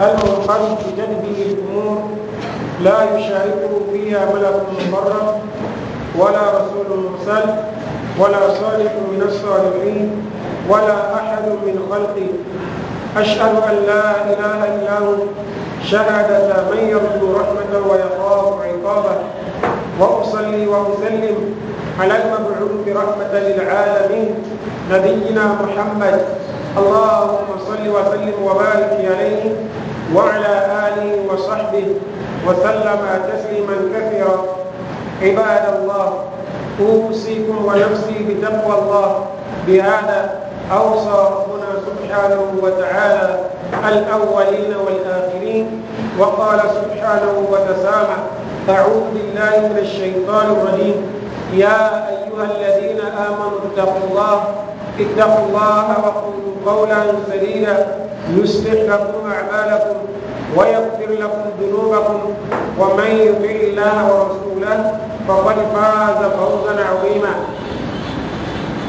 المنقلب بجنبه الأمور لا يشاركه فيها ملك مقرب ولا رسول مرسل ولا صالح من الصالحين ولا أحد من خلقه أشهد أن لا إله إلا هو شهادة من يرجو رحمة ويخاف عقابه وأصلي وأسلم على المبعوث رحمة للعالمين نبينا محمد اللهم صل وسلم وبارك عليه وعلى آله وصحبه وسلم تسليما كثيرا عباد الله أوصيكم ونفسي بتقوى الله بهذا أوصى ربنا سبحانه وتعالى الأولين والآخرين وقال سبحانه وتسامى أعوذ بالله من الشيطان الرجيم يا أيها الذين آمنوا اتقوا الله اتقوا الله وقولوا قولا سديدا يصلح لكم أعمالكم ويغفر لكم ذنوبكم ومن يطع الله ورسوله فقد فاز فوزا عظيما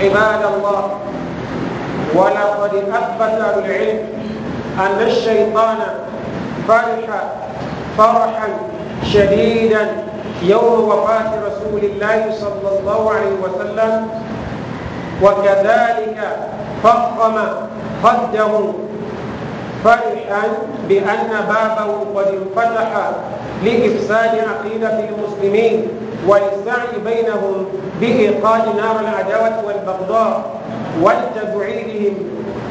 عباد الله ولقد أثبت أهل العلم أن الشيطان فرح فرحا شديدا يوم وفاة رسول الله صلى الله عليه وسلم وكذلك فخم خده فرحا بأن بابه قد انفتح لإفساد عقيدة المسلمين والسعي بينهم بإيقاد نار العداوة والبغضاء ولتبعيدهم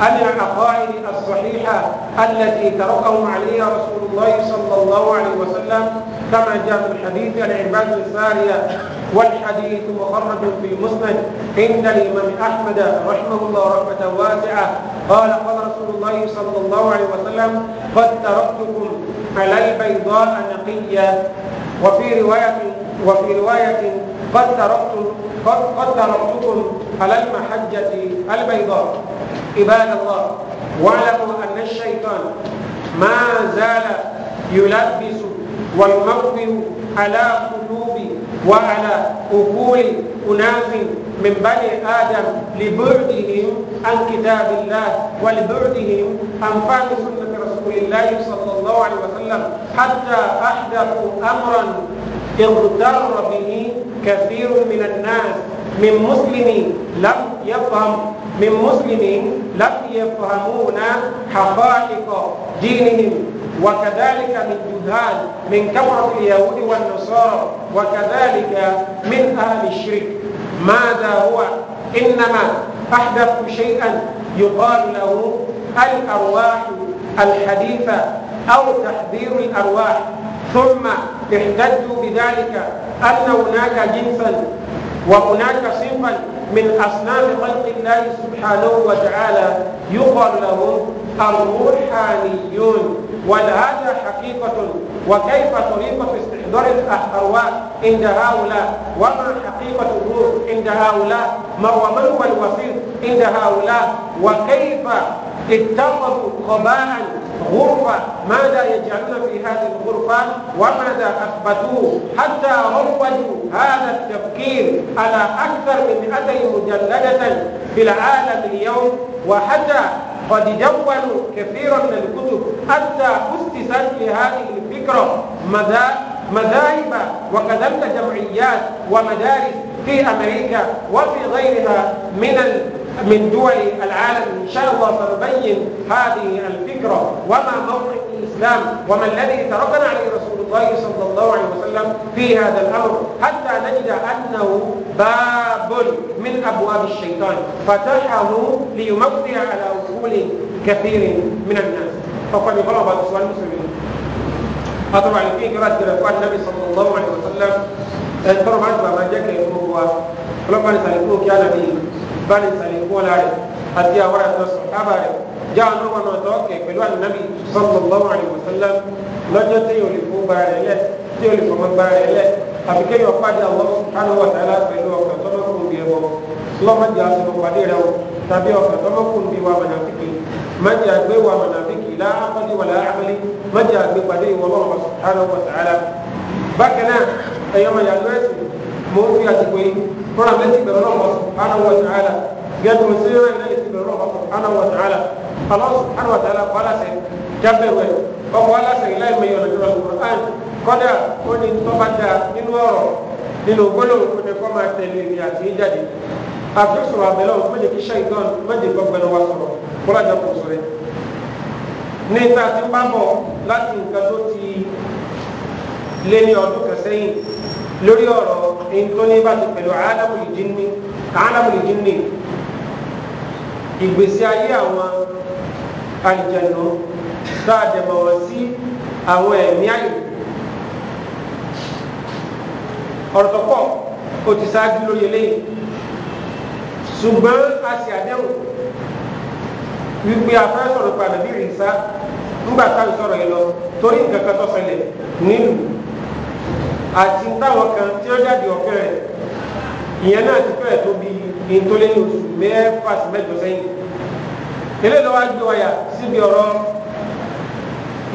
عن العقائد الصحيحة التي تركهم عليها رسول الله صلى الله عليه وسلم كما جاء في الحديث عن عباد السارية والحديث مخرج في مسند ان الإمام أحمد رحمه الله رحمة واسعة قال قال رسول الله صلى الله عليه وسلم قد تركتكم على البيضاء نقيا وفي رواية وفي رواية قد تركتم قد, قد تركتكم على المحجة البيضاء عباد الله واعلموا أن الشيطان ما زال يلبس والمغفر على قلوب وعلى عقول أناس من بني آدم لبعدهم عن كتاب الله ولبعدهم عن فهم سنة رسول الله صلى الله عليه وسلم حتى أحدثوا أمرا اغتر به كثير من الناس من مسلمين لم يفهم من مسلمين لم يفهمون حقائق دينهم وكذلك من جهال من كفرة اليهود والنصارى وكذلك من أهل الشرك ماذا هو إنما أحدث شيئا يقال له الأرواح الحديثة أو تحذير الأرواح ثم احتجوا بذلك أن هناك جنسا وهناك صنفا من أصناف خلق الله سبحانه وتعالى يقال لهم الروحانيون ولهذا حقيقة وكيف طريقة استحضار الأرواح عند هؤلاء وما حقيقة الروح عند هؤلاء ما من هو الوسيط عند هؤلاء وكيف اتخذوا قباء غرفة ماذا يجعلون في هذه الغرفة وماذا أثبتوه حتى روجوا هذا التفكير على أكثر من 200 مجلدة في العالم اليوم وحتى قد جولوا كثيرا من الكتب حتى أسست لهذه الفكرة مذاهب وكذلك جمعيات ومدارس في أمريكا وفي غيرها من من دول العالم إن شاء الله سنبين هذه الفكرة وما موقف الإسلام وما الذي تركنا عليه رسول الله صلى الله عليه وسلم في هذا الأمر حتى نجد أنه باب من أبواب الشيطان فتحه ليمضي على عقول كثير من الناس فقد يقول بعض السؤال المسلمين أطبع في قراءة الاخوان النبي صلى الله عليه وسلم ترى ما جاء كيف هو كان نسألكم يا نبي bani tali kóla rẹ̀ àti àwọn ẹ̀tọ́ sọ̀kábà rẹ̀ já àwọn ọmọ náà tọ́ kẹ̀ pẹ̀lú ànábì sallallahu alaihi wasallam lọ́jọ́ tí yóò lè fún gba rẹ̀ lẹ̀ tí yóò lè fọmọ gba rẹ̀ lẹ̀ àfi kéèyàn pàdé àwọn subhanahu wa ta'ala pẹ̀lú ọkàn tọ́mọ kùn bí ẹbọ lọ́mọdé àsọ̀rọ̀ pàdé rẹ̀ o tàbí ọkàn tọ́mọ kùn bí wa mọ̀nàfíkì mọ̀jẹ̀ àgbé wa mọ̀nàfíkì láàmọ́lé wà láàmọ́lé mọ̀jẹ̀ àgbé pàdé ìwọlọ́wọ́ subhanahu wa ta'ala bákan náà ẹ̀yọ́mọ̀ yàtọ̀ mo fi àsìkò yìí kọ́ra mẹ́tì bẹ̀rẹ̀ lọ́wọ́ subhanahu wa ta'ala gẹ́gẹ́ bí mo ti rẹ̀ lẹ́yìn ti bẹ̀rẹ̀ lọ́wọ́ subhanahu wa ta'ala Allah subhanahu wa ta'ala kọ́ aláṣẹ jábẹ̀rù ẹ̀ ọkọ̀ aláṣẹ ilé ìmọ̀ ìyọ̀nà ìrọ̀ Al-Qur'an kọ́dà ó ní tọ́ba da nínú ọ̀rọ̀ nínú gbólóhùn kó ní kọ́ máa tẹ̀lé ìrìn àti ìjáde àfihàn àbẹ̀lẹ̀ ọ̀hún méje kí ṣẹ́yìndọ́n méje gbọ́gbẹ́ni wa sọ̀rọ̀ kọ́lájà kò sọ̀rẹ́ ní ìta ti ń lórí ọ̀rọ̀ ntọ́ni bá ti pẹ̀lú alámùlì jínní alámùlì jínní ìgbésí ayé àwọn àlìjẹ̀nù tá a dẹ̀mọ̀ wọ́n sí àwọn ẹ̀mí àyè ọ̀rọ̀ tó pọ̀ ó ti ṣáájú lórí eléyìí ṣùgbọ́n a sì àdéhùn wípé a fẹ́ sọ̀rọ̀ pàdé bí rìnsá ńgbà táwọn sọ̀rọ̀ yìí lọ torí nǹkan kan tó ṣẹlẹ̀ nílùú àti táwọn kan tí ó jáde ọ̀fẹ́ rẹ̀ ìyẹn náà ti fẹ́ẹ̀ tó bí ìtòlẹ́yìn oṣù mẹ́fà sí mẹ́jọ sẹ́yìn eléyìí lọ́wọ́ á gbé wáyà síbi ọ̀rọ̀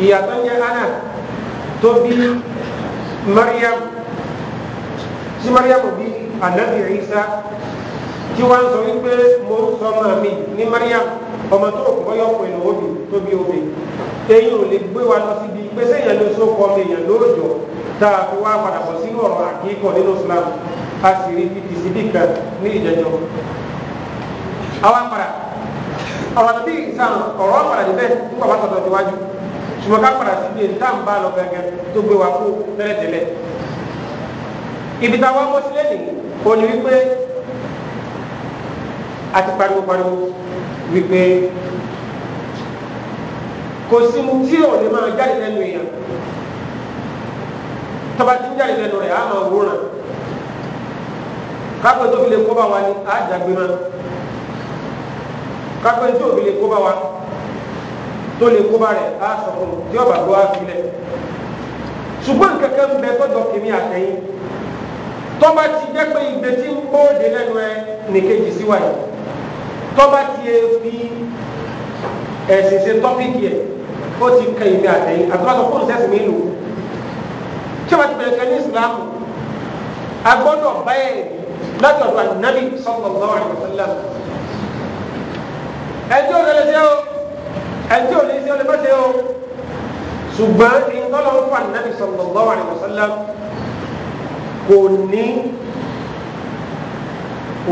ìyàtọ̀ ń jẹ́ anna tó bí mariam tí mariam bí anabi isa tí wọ́n sọ wípé mo ń sọ ọmọ mi ní mariam ọmọ tó rò kọ́ yọ̀pọ̀ ìlú omi tó bí omi eyín ò lè gbé wa lọ síbi pé sẹ́yìn ló so ọmọ èèyàn lóòjọ́ tá a fi wá padà bọ̀ sínú ọ̀rọ̀ àkíkọ̀ nínú Islam a sì rí bíbí síbí kan ní ìjẹjọ. àwọn padà ọ̀rọ̀ tí ìsàn ọ̀rọ̀ padà níbẹ̀ nígbà bá tọ̀tọ̀ níwájú ṣùgbọ́n ká padà sí ibi tá à ń bá lọ gẹ́gẹ́ tó gbé wa kó tẹ́lẹ̀tẹ́lẹ̀. ibi táwọn mọ́ sílẹ̀ nìyí ó ní wípé àti pariwo pariwo wípé kò sí mu tí ò lè máa jáde lẹ́nu èèyàn tọba tí ń jáde lẹ́nu rẹ̀ á máa wúran kápẹ́ tó fi lè kó bá wa ni á jàgbé náà kápẹ́ tó fi lè kó bá wa tó lè kó bá rẹ̀ á sọ fún un tí ọba tó á filẹ̀ ṣùgbọ́n kankan ń bẹ tọ́jọ́ kìíní àtẹ̀yìn tọba ti jẹ́ pé ìgbé tí ń bóde lẹ́nu ẹ nìkejì síwáyé tọba ti ẹ e fi ẹ̀sìn ṣe tọ́pìkì ẹ̀ ó ti kẹ ìgbé àtẹ̀yìn àtúbàtọ̀ fóònù sẹ́sìn mi lò tí wọ́n ti bẹ̀rẹ̀ kan ní islam agbọ́dọ̀ báyẹ̀ láti ọ̀dọ̀ ànábì sallallahu alaihi wasallam ẹjọ́ lẹ́lẹ́ sí o ẹjọ́ lè sí ọlẹ́mọ́ sí o ṣùgbọ́n ìtọ́lọ́ fún ànábì sallallahu alaihi wasallam kò ní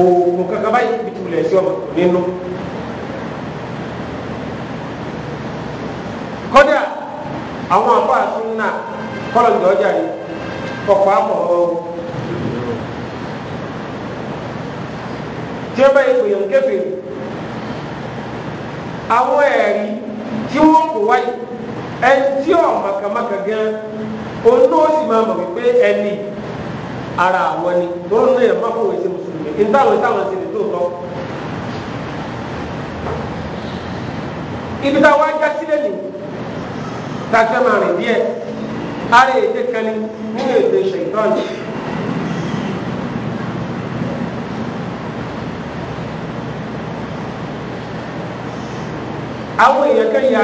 oògùn kankan nínú. kọ́dà àwọn àbá àtúnnà kọ́lọ̀ ní ọjà yìí ọ̀pá mọ̀ ọ́ tí ó bá yẹ pèyàn kébìrì àwọn ẹ̀rí tí wọ́n kò wáyé ẹni tí ọ̀ màkàmàkà gan òun náà sì máa mọ̀ wípé ẹni ara àwọn ni lórí náà má kó wèsì mùsùlùmí ìtàwọn ìtàwọn sì ní tòótọ́. ibi táwọn ajá sílẹ̀ nìyí tá a fẹ́ máa rìn díẹ̀ ara èdè kan ní nínú èdè ṣèǹtọ́nì. àwọn èèyàn kan ya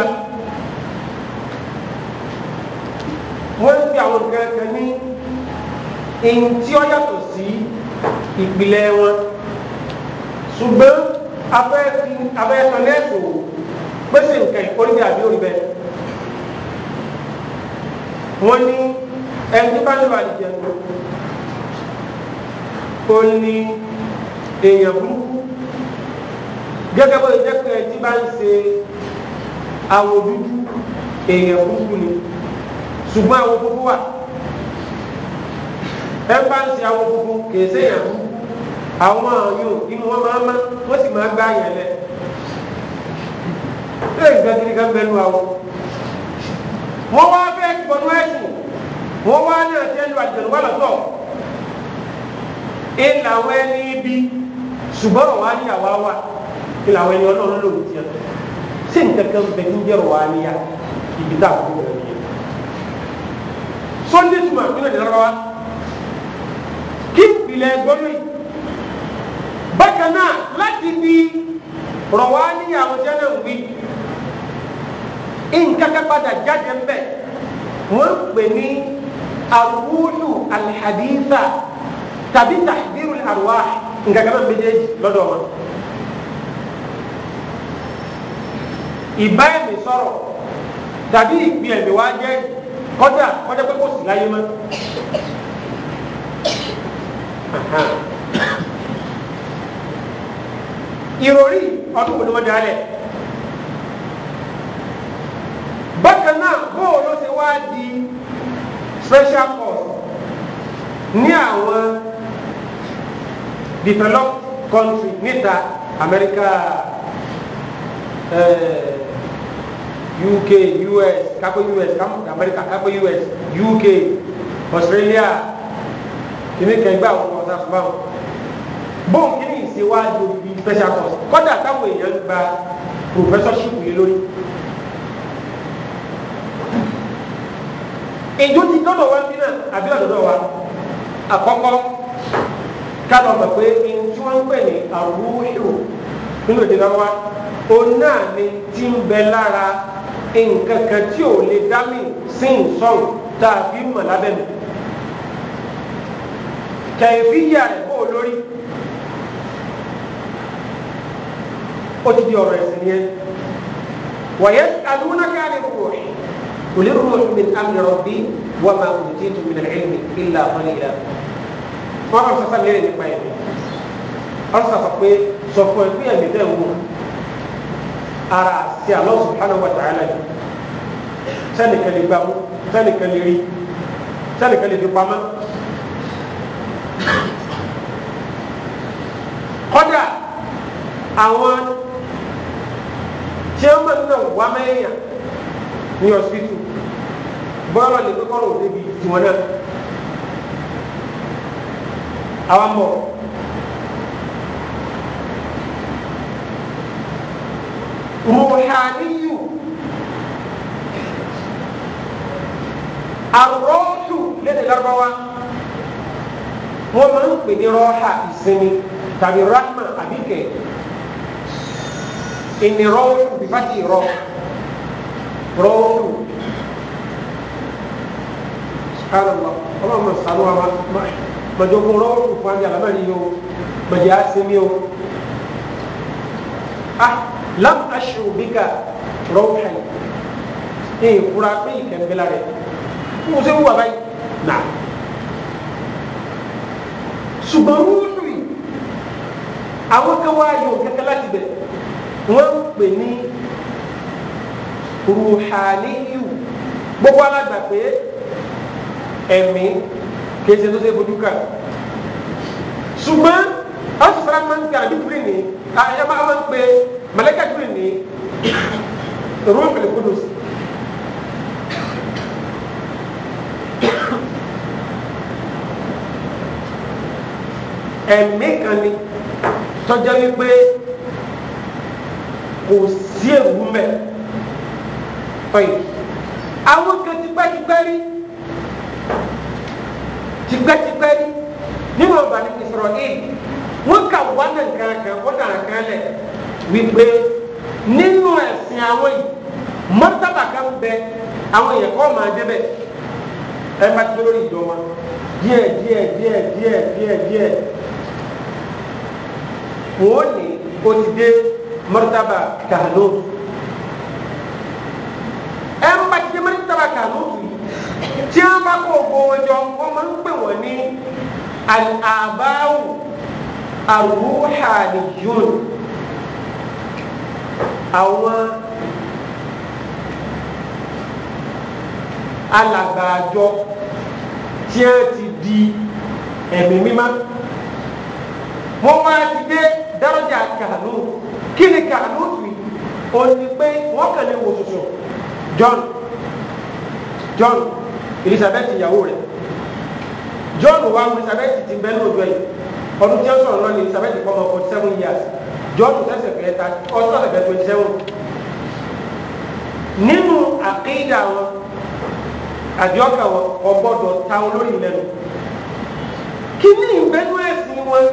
wọ́n ń fi àwọn nǹkan kan ní ẹni tí ó yàtọ̀ sí ìpìlẹ̀ wọn ṣùgbọ́n abẹ́ẹ̀kan lẹ́ẹ̀kọ́ pèsè nǹkan ìkórìbí àbí òrìbẹ́ wọ́n ní ẹni tí bá ní wà lìjẹ̀ lọ ó ní èèyàn burúkú gẹ́gẹ́ bó jẹ́ pé ẹni tí bá ń ṣe àwọ̀ dúdú èèyàn burúkú ni ṣùgbọ́n àwọ̀ gbogbo wà ẹ bá ń ṣe àwọ̀ gbogbo kìí ṣe èèyàn burúkú àwọn àyùn inú wọn máa má wọ́n sì máa gbá yẹn lẹ̀ ẹ̀ ń gbàgídí ká bẹ́ẹ̀ lu àwọ̀ wọ́n wá fẹ́ gbọ́nú ẹ̀sùn wọ́n wá náà tẹ́ lu àjẹ̀lú wà lọ́tọ̀ ìlàwọ̀ ẹni ibi ṣùgbọ́n ọ̀wá ní àwa wà ìlàwọ̀ ẹni ọlọ́run lòun tiẹ̀ sí nǹkan kan bẹ̀ ń jẹ́rọ̀ wá níyà ibi tá a kú bẹ̀rẹ̀ níyà. sunday tuma nínú ìdílọ́rọ́ wa kí ìpìlẹ̀ gbọ́dọ̀ yìí bákan náà láti fi rọ̀ wá níyà àwọn náà wí nǹkan kan padà jáde ń bẹ̀ pè ní awúlù alhadisa tàbí tahdiru arwa nǹkan kan náà méjèèjì lọ́dọ̀ wọn. ìbá ẹ̀mí sọ̀rọ̀ tàbí ìgbì ẹ̀mí wá jẹ́ kọjá kọjá pé kò sí láyé mọ́. ìròrí ọdún wo ni wọ́n dalẹ̀. bákan náà bóò ló ti wá di special course ní àwọn developed country níta Amẹ́ríkà uh, eh, UK US kápẹ́ US Amẹ́ríkà kápẹ́ US UK Australia kìíní kẹgbẹ́ àwọn ọmọ ọ̀tá fúnbáwò bóun kìíní ìṣèwádìí special course kọ́dà táwọn èèyàn gba professorship yìí lórí. ìjó ti dọ́dọ̀ wa bí náà àbí ọ̀dọ́dọ̀ wa àkọ́kọ́ kálọ̀ mọ̀ pé ìjó wọn pè ní àwòrán nínú èdè náà wá òun náà ni ti ń bẹ lára nǹkan kan tí ò lè dá mi sí nsọ́n tá a fi mọ̀ lábẹ́ mi kẹ̀yìfì yà rẹ̀ kó lórí ó ti di ọ̀rọ̀ ẹ̀sìn yẹn wọ̀nyẹ́ alúnákàlẹ̀ wò rẹ̀. قل الروح من امر ربي وما اوتيت من العلم الا قليلا wọn bá sọ sábẹ́ nípa ẹ̀mí wọn sọ sọ pé sọ fún ẹgbẹ́ ẹ̀mí tẹ̀ wò ara sí Allah subhanahu wa ta'ala ni sẹ́nìkan lè gbàmú sẹ́nìkan lè rí sẹ́nìkan lè fi pamọ́ kọ́dà àwọn tí wọ́n máa ń náà wá mẹ́yìn ní ọsibítù bọ́ọ̀lù ní kọ́kọ́rọ́ òdebi tiwọn náà àwọn mọ̀ ruhaniyu arọ́ọ̀tù lédè lárúbáwá wọ́n máa ń pè ní rọ́ọ̀hà ìsinmi tàbí rahma àbíkẹ́ ìnirọ́ọ̀tù bífàtì rọ́ọ̀tù rọrùn subhanallah ọlọ́run máa sànú wa màjọkùn rọrùn fún àjàlá náà yìí o màjẹ á sinmi o ah lam aṣọ bíkà rọrùn hàn ee kura pé ìkẹ́ńbẹ́lá rẹ̀ mo ṣe ń wà báyìí nà ṣùgbọ́n rúùlù ruhaniyu gbogbo alagba pé ẹ̀mí kéde tó ṣe fojú kan ṣùgbọ́n asọ̀rọ̀ máa ń pè àdúgbò ní àyàmá máa ń pè mẹlẹ́kàdúgbò ní ruhul qudus. ẹ̀mí kan ni tọ́jọ́ wípé kò sí èrú mẹ́rin tọ́yì àwọn kan tipẹ́tipẹ́ rí tipẹ́tipẹ́ rí nínú ọba ní ìsọ̀rọ̀ yìí wọ́n kà wá ní nǹkan kan ó dàrá kan lẹ̀ wípé nínú ẹ̀sìn àwọn yìí mọ́tàbà kan bẹ àwọn èèyàn kọ́ máa débẹ̀ ẹ bá ti lórí ìjọba díẹ̀ díẹ̀ díẹ̀ díẹ̀ díẹ̀ díẹ̀ wọ́n ní o ti dé mọ́tàbà kàlóòtù. tí wọ́n bá kó ògbó wọn jọ wọ́n máa ń pè wọ́n ní àbáwò àrùhàníyún àwọn alàgbàjọ tí wọ́n ti di ẹ̀mí mímá wọ́n wá ti dé dárọ́jà kàánú kí ni kàánú fi òní pé wọ́n kàn lè wò sùsù John John elizabeth ìyàwó rẹ̀ john wa elizabeth ti bẹ lóòjọ́ yìí ọdún tí ó sọ̀rọ̀ lọ ní elizabeth kọ́ ọmọ forty seven years john tẹsẹ̀ fẹ́ ta ọdún tẹsẹ̀ fẹ́ twenty seven nínú àkéyìdá wọn àdìọ́kà wọn ọgbọ́dọ̀ ta wọn lórí ìlẹ́nu kíní ìgbẹ́nu ẹ̀sìn wọn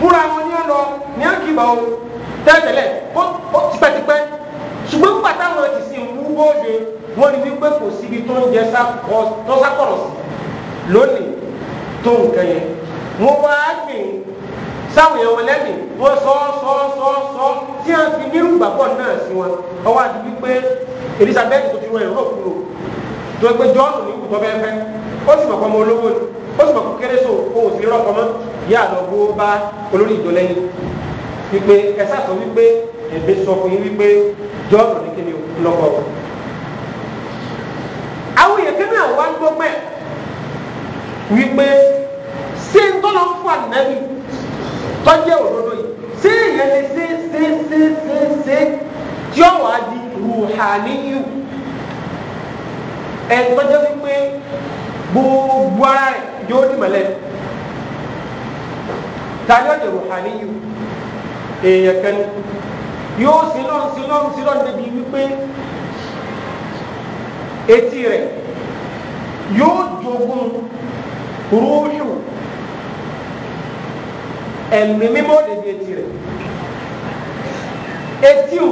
múra wọn ní ọlọ ní àkìbà o tẹ́tẹ̀lẹ̀ ó tipẹ́tipẹ́ ṣùgbọ́n pàtàkì wọn ti sìn wú bóde wọ́n rí wípé kò síbi tó ń jẹ tọ́sákọ̀rọ̀ sí lónìí tó nǹkan yẹn wọ́n wá gbìn sáwọn èèyàn wọn lẹ́mìí wọ́n sọ sọ sọ sọ tí a fi nírú gbàgbọ́ náà sí wọn ọwọ́ àti wípé Elizabeth tó ti rọ ẹ̀rọ kúrò tó ẹgbẹ́ jọ́ọ̀nù ní ìkùtọ́ bẹ́ẹ̀ fẹ́ ó sì mọ̀kọ́ mọ olówó ni ó sì mọ̀kọ́ kéré so ohun sì rọ́kọ mọ́ yá lọ bó bá olórí ìjọ lẹ́yìn wípé ẹ sáà sọ wípé ẹ̀bẹ̀ sọ fún yín wípé jọ́ọ̀nù ní kíni lọ́kọ̀ọ́ àwọn èèyàn kan náà wá ń gbọ́gbẹ́ wípé ṣé ń tọ́lọ́ ń fún ànábì tọ́jẹ́ òdodo yìí ṣé èèyàn lè ṣe ṣe ṣe ṣe ṣe tí ó wàá di ruhaniyu ẹ̀ tọ́jẹ́ wípé gbogbo ara rẹ̀ yóò di mọ́lẹ̀ tani ó di ruhaniyu èèyàn kan yóò sílọ̀ sílọ̀ sílọ̀ débi wípé etí rẹ̀ yóò jogún rúhù ẹ̀mí mímọ́ débi etí rẹ̀ etí o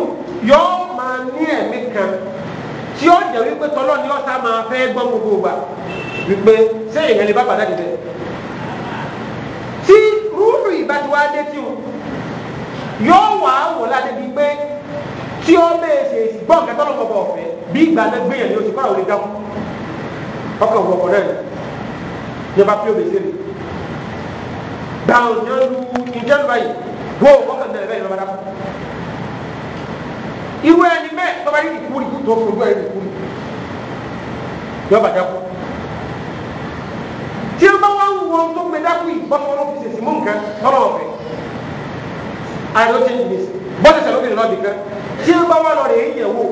yóò máa ní ẹ̀mí kan tí ó jẹ́ wípé tọ́lọ́ ni ọ̀sá máa fẹ́ gbọ́ gbogbo gbà wípé sẹ́yìn ìrẹ́lẹ̀ bá padà dìde tí rúhù ìbá dé tí o yóò wà á wò ládé pé tí ó bẹ́ẹ̀ ṣe gbọ́n kẹtọ́ lọ́wọ́ bọ̀ ọ̀fẹ́ bí ìgbà náà gbé yẹn ní oṣù kọ́ra òde dákú ọkọ̀ wọ̀ ọ̀rẹ́ rẹ̀ ní ọba pí omi sí rẹ̀ dáhùn ní ọlú ìjẹ́ ló báyìí wọ́n ọkọ̀ náà bẹ́ẹ̀ lọ́ba dákú ìwé ẹni bẹ́ẹ̀ tọ́ba yìí kúrì tó fojú ẹ̀ kúrì yọba dákú tí ó bá wá ń wọ tó gbé dákú yìí bọ́sọ̀rọ̀ fi ṣèṣì mú nǹkan tọ́lọ̀ ọ̀fẹ́ àìlọ́tẹ̀ ìgbésí bọ́sẹ̀sẹ̀ lóbi lọ́ọ̀dì kan tí ó bá wà lọ rèé yẹ̀ wò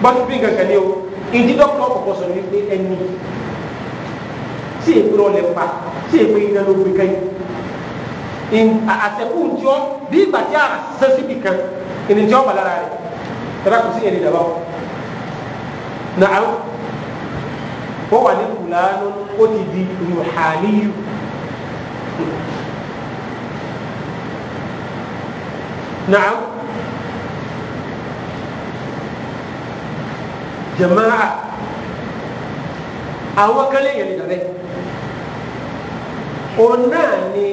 gbọ́dú bí nǹkan ní o ìdí dọ́kítọ̀ ọ̀pọ̀ sọ̀rọ̀ wípé ẹni tí èpè rọ lẹ̀ pa tí èpè iná ló gbé kẹ́yìn àtẹ̀kù tí ó bí ìgbà tí a sẹ́ síbi kan ìní tí ó bà lára rẹ̀ tẹ́lá kò sí yẹn ní ìdàbà nà á ó wà ní kùlánú ó ti di ruhaniyu nà á. jamaa àwọn kan lè yẹn lè dàbẹ́ òun náà ni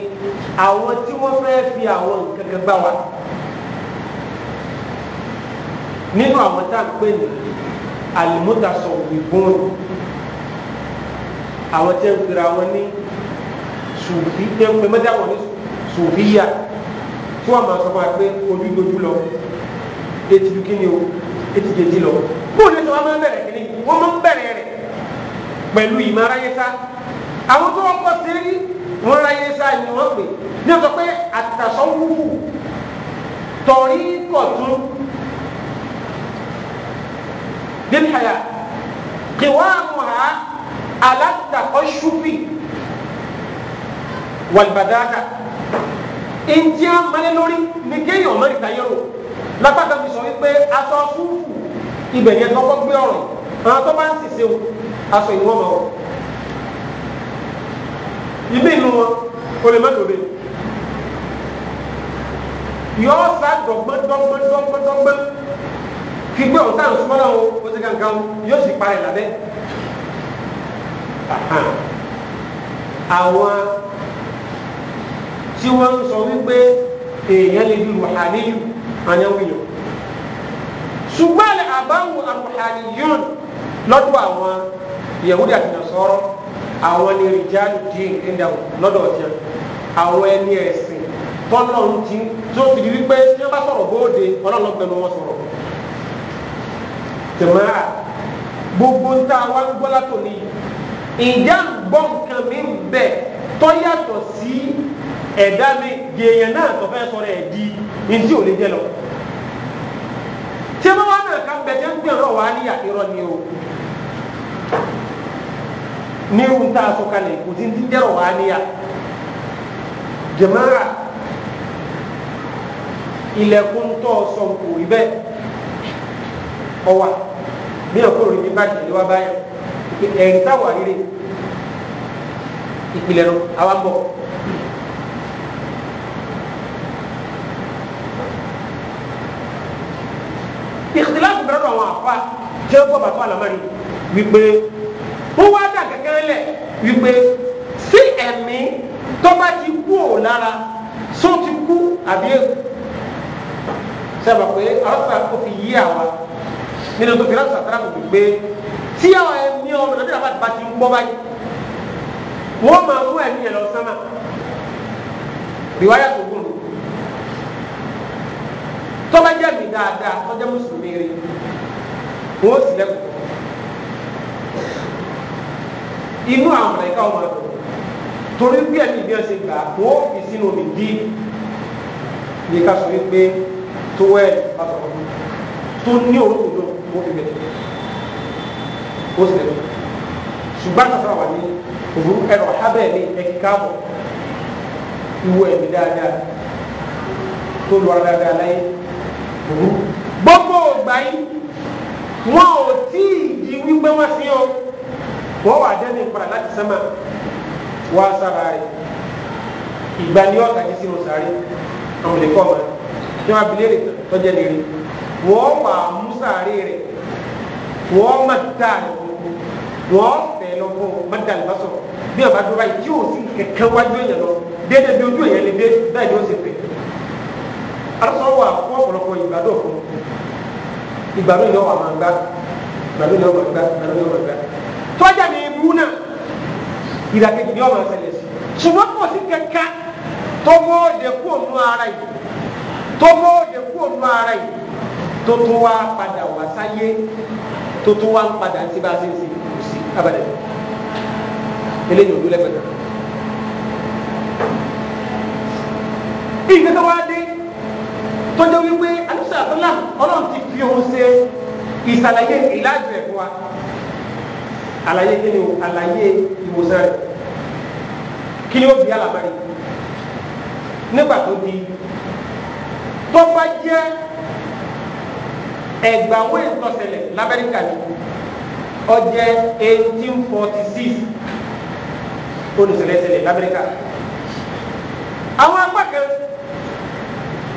àwọn tí wọ́n fẹ́ fi àwọn nǹkan kan gbá wa nínú àwọn tá à ń pè ní alimutasọ wìbọn àwọn tẹ́ ń pera wọn ní sùfì tẹ́ ń pè mẹ́ta wọn ní sùfìyà tí wọ́n máa sọ fún wa pé ojú dojú lọ etí dúkìá ni o ètùjèjì lọ bóun ní sọ́wọ́n máa ń bẹ̀rẹ̀ kínní wọ́n máa ń bẹ̀rẹ̀ rẹ̀ pẹ̀lú ìmọ̀ aráyé sá àwọn tó wọ́n kọ́ sí rí wọ́n ráyé sá ni wọ́n pè ní ọ̀sọ̀ pé àtàsọ́wọ́wù tọ̀rí kọ̀tún dínhàyà kìwáàmù ha alátàkọ́ṣúfì wàlbàdáka ìjẹ́ amalẹ́ lórí ní kéèyàn lápá kan wípé aṣọ kúrúkù ibẹ̀ yẹn lọ́kọ́ gbé ọ̀rọ̀ àwọn tó bá ń sèse o aṣọ ìwọ́n mọ̀ ọ́ ìmí inú wọn o lè má dòde yọ sá dọ̀gbọ́n dọ́gbọ́n dọ́gbọ́n dọ́gbọ́n kí gbé ọ̀tá ìsúmọ́lá o ó ti kankan yóò sì parẹ́ lábẹ́ àwọn tí wọ́n ń sọ wípé èèyàn lè di wàhálì àyẹ̀wò yìí ṣùgbọ́n àlẹ́ àbáwò àrùhàní yóò lọ́dọ̀ àwọn yahudi àti nasọ́rọ́ àwọn ni rìjáàlù dín ẹ̀dá lọ́dọ̀ ọ̀tí àwọn ẹni ẹ̀sìn tọ́lọ̀ ń ti tó fi di wípé tí wọ́n bá sọ̀rọ̀ bóde ọlọ́run pẹ̀lú wọn sọ̀rọ̀ tẹ̀mọ́ra gbogbo ń ta wá ń gbọ́ látò ní ìjà ń gbọ́ nǹkan mi ń bẹ̀ tọ́ yàtọ̀ sí ẹ̀dá mi di èèyàn náà tó fẹ́ jẹmọ wa náà kan bẹ jẹun pé ọ̀rọ̀ wa ní àkérò ni o ní irun tá a sọ kalẹ̀ kò tí ń ti jẹrọ wa níyà jẹmọra ilẹ̀kùn tó sọ kò ọwà bí ẹ̀kọ́ rẹ̀ ní báyìí ìlú báyìí ẹ̀rí táwà rírì ìpìlẹ̀ nù àwọn bọ̀. ìkìtìláàfù bẹ̀rẹ̀ lọ́wọ́ àfa jẹ́ bọ́ bàbá àlámọ́rí wípé ó wá dà gẹ́gẹ́ lẹ̀ wípé sí ẹ̀mí tó bá ti kú ò lára só ti kú àbí èkó sábà pé arọ́sà kò fi yí àwa nínú tó fi ránṣà sára kò gbé tí àwọn ẹ̀mí ọmọ nàbí àbá ti bá ti ń gbọ́ báyìí wọ́n máa mú ẹ̀mí ẹ̀ lọ sánmà ìwáyà tó tọ́ba jẹ́ mi dáadáa tọ́jẹ́ mùsùlùmí rí wọ́n sì lẹ́kọ̀ọ́ inú àwọn mẹ̀ká wọn lọ torí bí ẹ̀mí bí ọ̀sẹ̀ gbà wọ́n fi sínú mi dí ní ká sọ wípé tó wẹ̀ pàtàkì tó ní òrókòdó wọ́n fi bẹ̀rẹ̀ ó sì lẹ́kọ̀ọ́ ṣùgbọ́n àtàwọn wà ní òbúrú ẹ̀rọ hábẹ́ ní ẹ̀kíkà bọ̀ ìwọ ẹ̀mí dáadáa tó lọ dáadáa láyé gbogbo ògbà yìí wọn ò tí ì di wípé wọn fi hàn wọn wà dẹ́nu ìpadà láti sẹ́mà wá sára rẹ̀ ìgbà ni ọ̀sà yìí sínú sáré àwọn olè kọ́ ọ̀mọ́ ní wọn abilé rẹ̀ tọ́jẹ́ lè rí wọ́n wà mú sáré rẹ̀ wọ́n má dá rẹ̀ wọ́n fẹ́ lọ má dá rẹ̀ bá sọ̀rọ̀ bí ọba tó báyìí tí yóò sì kẹ̀kẹ́ wájú ẹ̀yẹ lọ déédéé bí ojú ẹ̀yẹ lè dé bẹ́ẹ̀ ó sì fẹ́ arúgbó wà fún ọ̀pọ̀lọpọ̀ ìgbádùn fún ìgbádùn yóò wà máa gbá ìgbádùn yóò máa gbá ìgbádùn yóò máa gbá tọ́jà ní ibú náà ìdàkejì ni ọ̀rọ̀ ṣẹlẹ̀ ṣùgbọ́n kò sí kẹ̀kẹ́ tó bóde kú ònú ara yìí tó bóde kú ònú ara yìí tó tó wá padà wá sáyé tó tó wá ń padà tí bá a ṣe ń eléyìí ò dúró lẹ́gbẹ̀ẹ́ kan. dé tọ́jọ́ wípé alúsàtọ́lá ọlọ́run ti fi òun ṣe ìsàlàyé ìlàjù ẹ̀fọ́ wa àlàyé kí ni o àlàyé ìwòsàn rẹ̀ kí ni ó fi alàbárí nígbà tó di tó bá jẹ́ ẹgbàwó ìtọ́sẹ̀lẹ̀ l'Amẹ́ríkà ni ó jẹ́ eighteen forty six olùsẹ̀lẹ̀sẹ̀lẹ̀ l'Amẹ́ríkà àwọn apá kan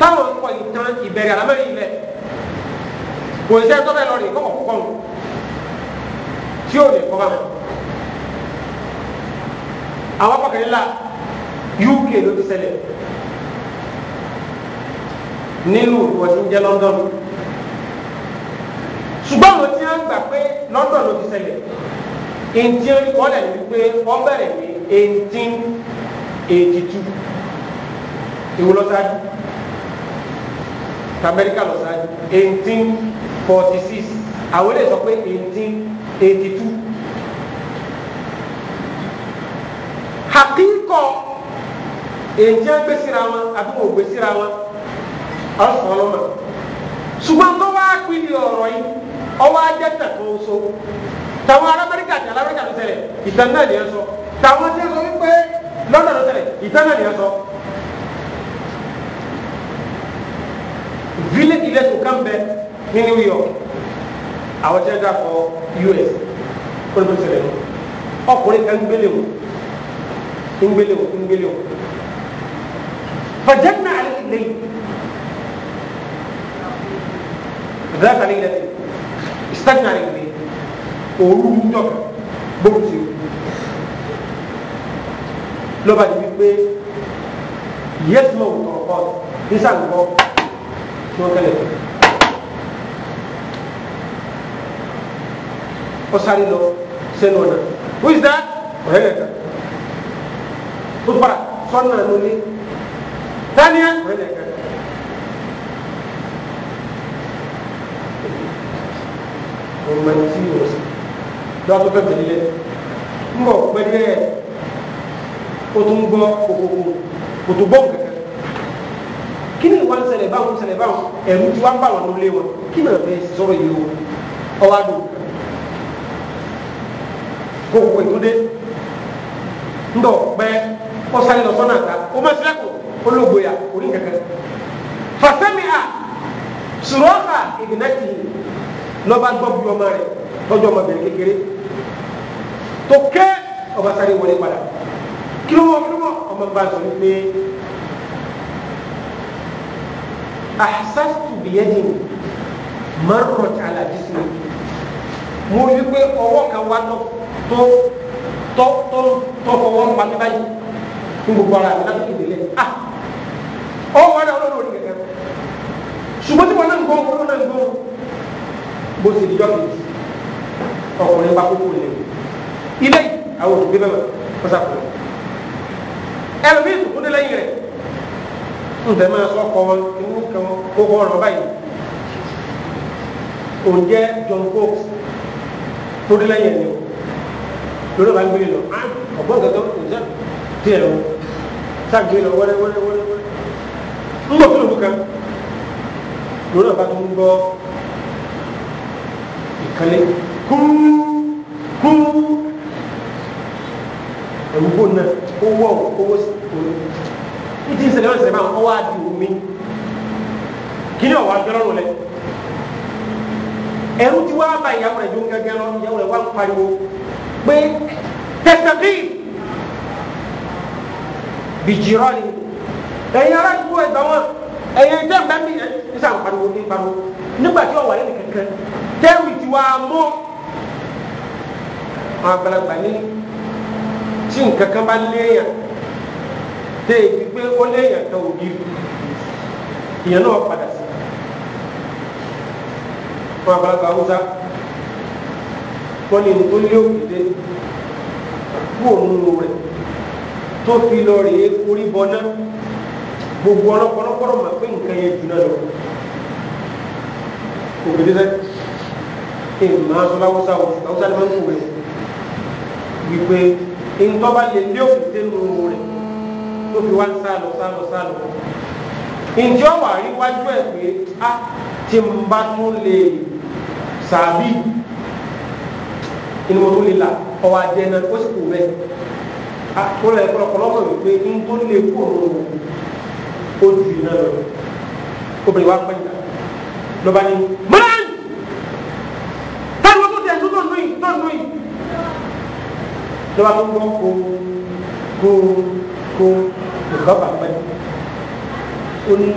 táwọn ń kọ ìtàn ìbẹ̀rẹ̀ àlámẹ́rin ilẹ̀ kò sí ẹjọ́ bẹ́ẹ̀ lọ rè kọ́kọ́ kọ́kọ́ nù tí yóò lè kọ́ bá wọn. àwọn akọ̀kẹ́lá UK ló ti ṣẹlẹ̀ nínú ìwọ̀n tí ń jẹ́ London ṣùgbọ́n àwọn tí wọ́n gbà pé London ló ti ṣẹlẹ̀ èntì oríkọ́lẹ̀ ni pé wọ́n bẹ̀rẹ̀ ní eighteen eighty two ìwúlọ́sáájú amẹ́ríkà lọ sáájú eighteen forty six àwọn eléyìí sọ pé eighteen eighty two hakíkọ èjẹ gbèsèrè wọn àbí wọn ò gbèsèrè wọn ọsàn ọlọmọ ṣùgbọ́n tó wá pínlẹ̀ ọ̀rọ̀ yìí ọwọ́ ajẹ́ tẹ̀kọ́ oṣù tàwọn ará amẹ́ríkà àti alámẹ́ríkà ló tẹ̀lé ìtàn náà nìyẹn sọ tàwọn tí wípé lọ́dọ̀ ló tẹ̀lé ìtàn náà nìyẹn sọ. village village come back ní New York àwọn tí wọn dà fọ US kólóbó tẹlẹ nù ọkùnrin kan gbélé wò ngbélé wò ngbélé wò fàjẹ́ náà lè ذات ليلة استغنى عن الليل òru ńjọ gbogbo ti lọ́ba ti wípé yẹ́sùmọ̀ òtọ̀ọ̀kọ́ nísàgbọ́ lọ́kẹ́lẹ̀ ọ sáré lọ sẹ́nu who is that ọ̀rẹ́ rẹ̀ kan ó tún padà sọ́nà lónìí tania ọ̀rẹ́ rẹ̀ kan. ọmọ tí yóò sè lọ́wọ́ tó fẹ́ tẹ̀lé lẹ́ ń bọ̀ pẹ́ẹ́lẹ́ o tún gbọ́ kókókó o tún gbọ́ nǹkan kan kí ni ìwọ ń ṣẹlẹ̀ báwọn ń ṣẹlẹ̀ báwọn ẹ̀rù tí wọ́n bá wọn lólé wọn kí ni ọ̀bẹ sọ̀rọ̀ yìí wọn ọwọ́ àdó kókó ìtúndé ńdọ̀ pẹ́ ọ̀sálẹ̀ lọ́sọ́ náà ta ó máa sílẹ̀kùn olóògbéyà orí kẹ̀kẹ́ fàfẹ́mi à sùrọ́ọ̀kà ìdìnnẹ́tì lọ́ba gbọ́ bí ọmọ rẹ̀ lọ́jọ́ ọmọbìnrin kékeré tó ké ọba sáré wọlé padà kí ló wọ kí ló wọ ọmọ gbà sọ wípé ahsaftu biyadi marrat ala jismi mo rí pé ọwọ́ kan wá tó tó tó tó tó fọwọ́ pa mí báyìí fún gbogbo ara mi láti kéde lẹ ah ọwọ́ rẹ olórí òní kẹkẹ ṣùgbọ́n tí wọn náà ń gbọ́ wọn náà ń gbọ́ bó ṣe di jọ́kì ọkùnrin bá kókó lẹ ilé àwọn òṣèlú bẹ́ẹ̀ bá pàṣẹ ẹlòmíì tó kún dé lẹ́yìn rẹ̀ nbẹ máa kọkọ wọn kìíní kan kókó ọ̀rọ̀ báyìí oúnjẹ John Cox torí lẹ́yìn ẹni o lórí ọba gbélé lọ ọgbọ́n gẹ́gẹ́ ọjọ́ tiẹ̀ o sáà gbélé lọ wẹrẹ wẹrẹ wẹrẹ wẹrẹ ń bọ̀ fún olùkà lórí ọba tó ń gbọ́ ìkànnì kún kún ẹ̀rú gbóná owó owó sí òun ní ti ń ṣẹlẹ̀ lọ́sẹ̀ máa ọwọ́ àti omi kí ni ọ̀wá gbẹ́rọ́ lọ lẹ ẹ̀rú ti wá bá ìyàwó rẹ̀ jó ń gẹ́gẹ́ lọ ìyàwó rẹ̀ wá ń pariwo pé tẹ̀sẹ̀kì bìjìrọ́ ni ẹ̀yin ará ti kú ẹ̀gbá wọn ẹ̀yin ẹ̀jẹ̀ ń bá mi ẹ̀ ń sàn pariwo ní pariwo nígbà tí ọ̀wà lẹ́nu kankan tẹ́rù ti wá mọ́ àwọn ní tí nǹkan kan bá léèyàn déèbí pé ó léèyàn kan òbí rí ìyẹn náà padà sí wọn àgbàlagbà haúsá wọn ní ní tó lé òkèdè kú òun rẹ tó fi lọ rèé orí bọná gbogbo ọlọpọlọpọlọ máa pé nǹkan yẹn jù náà lọ òkèdè sẹ ẹ máa sọ láwùsá o láwùsá ni wọn ń kú rẹ wípé ntọ́ba lè lé òkèdè nù rẹ ló fi wá ń sálọ sálọ sálọ ǹjẹ́ wà rí wájú ẹ̀ pé a ti ń bá tún lè sàbí inú ọdún lè là ọwọ́ ajẹ́ náà ó sì kù bẹ́ẹ̀ akpọlọ ẹkplọ kọlọ mọ wípé ńgbó lè kó o ju iná lọ obìnrin wa pẹ́ nígbà lọ́ba ni mọ́lán táwọn tó tẹ̀ tó tó yìí tó yìí lọ́ba tó gbọ́ kó kó go to the government oni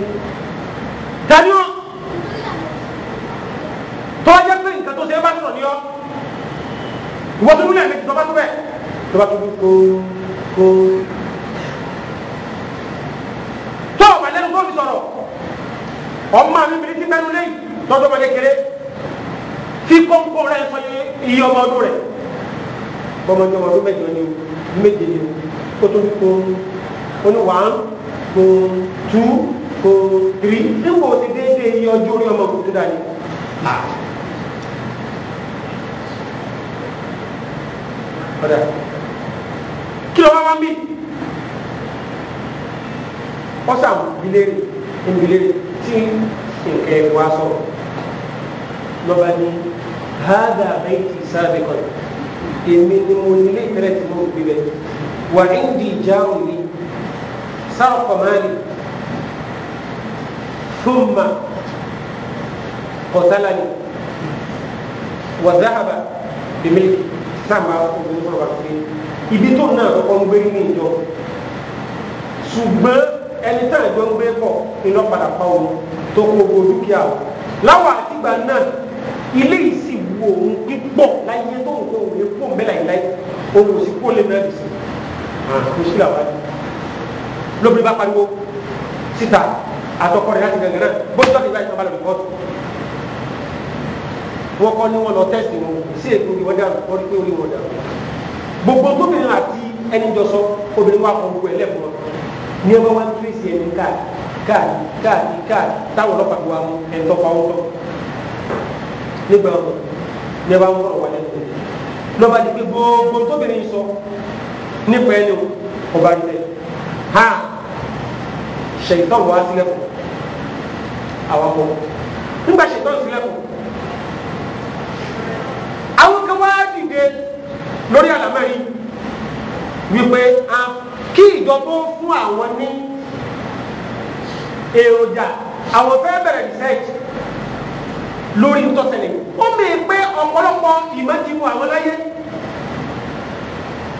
daniel tọ́jà pé nǹkan tó ṣe é bá sọ̀rọ̀ ní ọ́ ìwọ tó wúlò ẹ̀mí tó bá tó bẹ̀ tó bá tó kó kó tó ọ̀bà lẹ́nu kó fi sọ̀rọ̀ ọmọ mi bìrì ti mẹ́nu lẹ́yìn lọ́dọ̀ ọmọdé kéré fi kọ́ńkọ́ rẹ̀ sọ iye ọmọ ọdún rẹ̀ bọ́mọdé ọmọ ọdún mẹ́jọ ni o méje ni o kó tó ní kó ó ní one kò two kò three nígbà òsì déédéé yí ọjọ́ orí ọmọ kò tó dání. ọ̀dà kí ló wá wá ń bí ọ̀sà ìbílẹ̀rì ìbílẹ̀rì tí nǹkan wá sọ̀rọ̀ lọ́ba ní hádà bẹ́ẹ̀tì sábẹ́ kan èmi ni mo nílé ìtẹ́lẹ̀ tí mo gbé bẹ́ẹ̀ wà ní ìdí ìjà òní سرق مالي ثم قتلني وذهب بملكي sáàmà ọdún tó wà تونا ibi tó náà kọ́kọ́ ń gbé ní ìjọ ṣùgbọ́n ẹni tá ìjọ ń gbé pọ̀ iná padà pa òun tó kó gbogbo dúkìá o láwọn àtìgbà náà ilé yìí sì wo òun pípọ̀ láyé tó ń kó òun lè pọ̀ mẹ́láyìí láyé òun ò sì kó lè náà lè sí làwọn àti lóbi bá pariwo sita àtọkọ rẹ̀ láti gàngàn náà bóńdọ́ ti bá ìtàn balẹ̀ rìpọ́tù kọ́ ni wọn lọ tẹ́sì wọn sí èkó ni wọ́n dàrú wọ́n rí pé orí wọn dàrú gbogbo gómìnà àti ẹni jọsọ obìnrin wa kọ gbogbo ẹ lẹ́kọ̀ọ́ ní ẹ bá wá ń tírèsì ẹni káàdì káàdì káàdì káàdì táwọn ọlọ́pàá ti wá mú ẹ̀ńtọ́ pawọ́ tọ́ nígbà wọn ní ha ṣèyítọ́ wá sílẹ̀ kù àwọn bọ̀ nígbà ṣèyítọ́ sílẹ̀ kù àwọn kan wá dìde lórí àlámẹ́rin wípé kí ìjọba ó fún àwọn ní èròjà àwọn fẹ́ bẹ̀rẹ̀ research lórí ntọ́sẹ̀lẹ̀ ó mè pé ọ̀pọ̀lọpọ̀ ìmọ̀ ti wọ àwọn láyé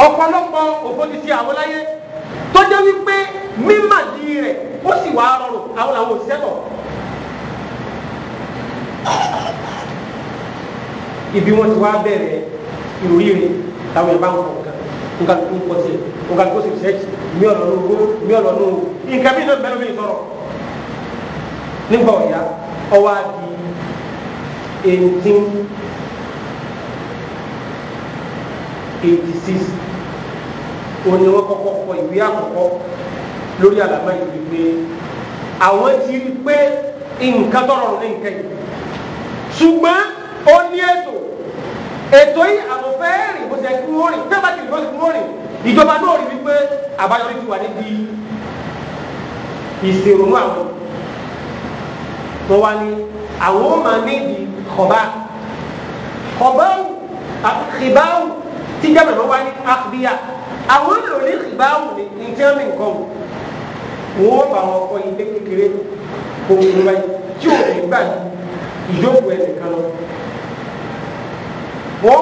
ọ̀pọ̀lọpọ̀ òfò ti ti àwọn láyé tọ́jọ́ wípé mímà ní rẹ̀ ó sì wá rọrùn àwọn làwọn òṣìṣẹ́ tọ̀. ibi wọn ti wá bẹ̀rẹ̀ ìròyìn rẹ̀ táwọn yẹn bá ń kọ̀ nǹkan nǹkan tó ń pọ̀ sí nǹkan tó sì ṣe mí ọ̀rọ̀ ló gbó mí ọ̀rọ̀ ló wò nǹkan bí náà bẹ́ẹ̀ ló ń sọ̀rọ̀ nígbà ọ̀yá ọwọ́ á di eighteen eighty six òun ni wọ́n kọ́kọ́ kọ ìwé àkọ́kọ́ lórí àlàmà yìí pé àwọn ti rí pé nǹkan tọrọ ní nǹkan yìí ṣùgbọ́n ó ní ètò ètò yìí àwọn fẹ́ rìn bó ṣe kí wọ́n rìn tẹ́lá kìlì bó ṣe kí wọ́n rìn ìjọba náà rí wípé àbáyọrí ti wà níbi ìṣèrònú àwọn wọn wá ní àwọn máa ní ìdí kọba kọba àti kìbáwù tí jẹ́ mẹ́lọ́wá ní àkùbíyà àwọn olórí ìbáwò ní nǹkan mi nǹkan wò wọ́n bá wọn kọ́ ilé kékeré òun báyìí tí òun ní gbà ìjókòó ẹ̀ nìkan lọ wọ́n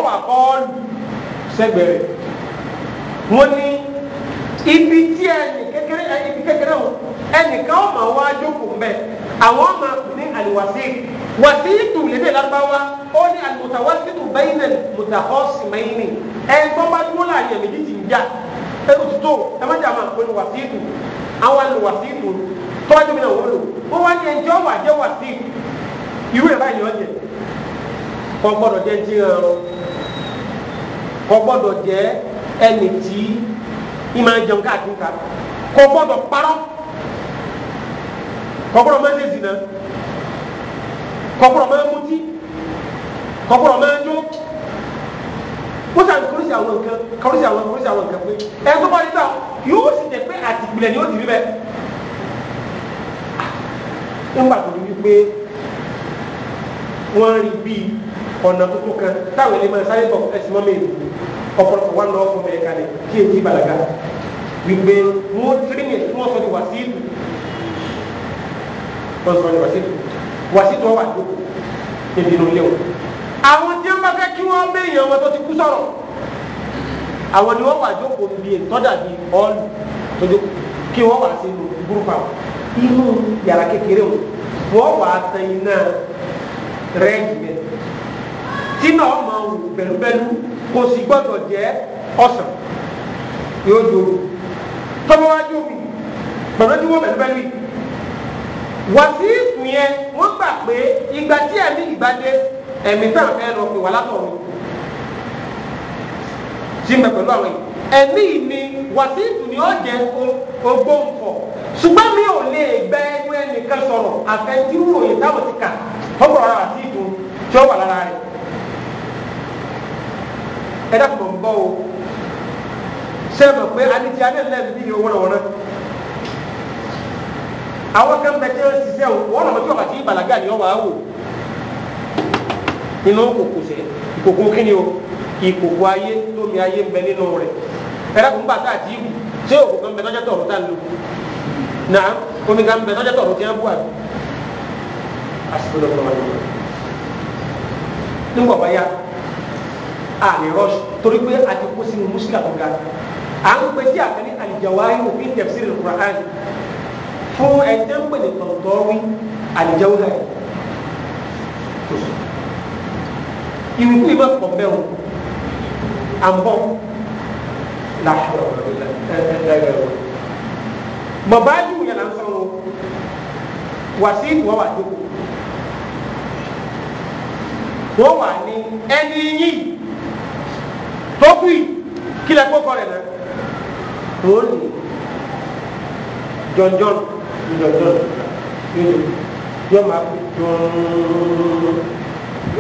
wà bọ́ọ̀lù sẹ́gbẹ̀rẹ̀ wọ́n ní ibi tí ẹnì kékeré ẹnì kékeré wọn ẹnìkan ọmọ wa jókòó mbẹ àwọn ọmọ aliwasik wasiitu lédè Lárúbáwá ó ní alimutawasitu bẹ́yìnẹ̀ mutahọ́sìmẹ́yìnì ẹ̀gbọ́n bá dúró láàyè méjì ti ń jà ẹrù tó ẹ má jà máa pé wasiitu àwọn aliwasiitu tọ́jú mi náà wọ́n lò wọ́n wá ní ẹjọ́ wà jẹ́ wasiitu irú ẹ̀ báyìí ọ̀jẹ̀ kò gbọ́dọ̀ jẹ́ ti ẹ̀rọ kò gbọ́dọ̀ jẹ́ ẹnì tí ìmọ̀ jẹun káàkiri ká kò gbọ́dọ̀ parọ́ kò gbọ́dọ̀ má ṣe zìnà kọ̀kọ́rọ̀ máa mutí kọ̀kọ́rọ̀ máa jó wọ́n sàn kọ́rọ́sì àwọn nǹkan kọ́rọ́sì àwọn kọ́rọ́sì àwọn nǹkan pé ẹ̀ tó bá yí gbà yóò sì ni ó ti rí bẹ́ẹ̀ nígbà tó di wípé wọ́n rí bí ọ̀nà tuntun kan táwọn ẹlẹ́mọ̀ sáré bọ̀ ẹ̀sìn mọ́ mi ọ̀pọ̀lọpọ̀ wà lọ́wọ́ fún mẹ́ẹ̀ka lẹ̀ kí èyí balaga wípé wọ́n tírínì tí wọ́n sọ ní wàsíìlù wọ́n sọ ní wàsíìlù wàsí tó wà dúró níbi inú ilé wọn. àwọn tí wọn bá fẹ́ kí wọ́n béèyàn ọmọ tó ti kú sọ̀rọ̀ àwọn ni wọ́n wà jókòó bí ìtọ́jà bí ọ́ọ̀lù tó jókòó kí wọ́n wà sí inú gúrúpù àwọn inú yàrá kékeré wọn wọ́n wà á tan iná rẹ́ẹ̀kì bẹ́ẹ̀ tí náà máa wù bẹ̀lúbẹ̀lú kò sì gbọ́dọ̀ jẹ́ ọ̀sán yóò dòrò tọ́mọ wájú mi bàbá tí wọ́n bẹ̀lúbẹ̀lú yìí wàsíìsù yẹn wọ́n gbà pé ìgbà tí ẹ̀mí ìgbàdé ẹ̀mí tá à ń fẹ́ lọ pè wá látọ̀ mi jí mẹ pẹ̀lú àwọn yìí ẹ̀mí ni wàsíìsù ni ó jẹ ogbóǹfọ̀ ṣùgbọ́n mi ò lè gbẹ ẹnu ẹnìkan sọ̀rọ̀ àfẹ́ntìrúwò yìí táwọn ti kà ọgbọ̀n ara wàsíìsù tí ó wà lára rẹ̀ ẹ dákun mọ̀ ń bọ́ o ṣé ẹ mọ̀ pé adití alẹ́ lẹ́ẹ̀mí bí àwọn kan bẹ tẹ́ ṣiṣẹ́ o wọ́n lọ́mọ tí wọ́n bá ti bàlágà ni wọ́n wá wò nínú kòkò sẹ́ ìkòkò kíni o ìkòkò ayé tómi ayé ń bẹ nínú rẹ̀ ẹ̀rọ kò ń bàtà àti ìwù ṣé òkò kan bẹ tọ́jà tọ̀rọ̀ tá ń lò nà omi kan bẹ tọ́jà tọ̀rọ̀ tí wọ́n bú àbí àsìkò lọ́wọ́ wọn lọ́wọ́ nígbà bá yá a lè rọ́ọ̀ṣì torí pé a ti kó sínú mùsùlùmí àtúgà à ń pè sí àkànní àlìjàwáyé òfin tẹ̀síìrì kùrán fún ẹ̀dá ń pèlè tọ̀tọ̀wí àlìjáwúlà ẹ̀ ìwìkú ìmọ̀ pọ̀ mẹ́wọ̀n àbọ̀ làṣọ mọ̀bájú yẹn là ń sọ̀rọ̀ wàsí ìwọ́ wà dókòó wọ́n wà ní ẹni yìí tó ńdọ̀dọ̀ yóò yọ máa kú dùn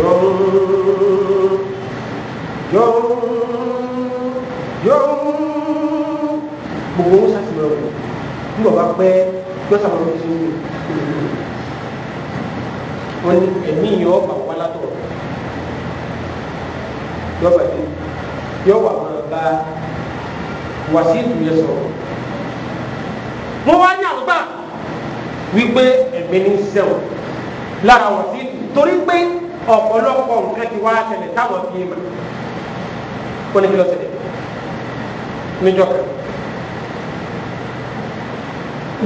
yọ̀ọ́ yọ̀ọ́ yọ̀ọ́ gbogbo musa ti lọ wò nígbà bá pẹ́ gbọ́sà máa ń fi wò wọ́n ní ẹ̀mí yọ̀ ọ́ bà wá látọ̀ wípé ẹ̀mí ní sẹ́wọ̀n lára wọ̀ sí torí pé ọ̀pọ̀lọpọ̀ nǹkan ti wá ṣẹlẹ̀ táwọn fi mà ó ní kí lọ ṣẹlẹ̀ níjọ́ kan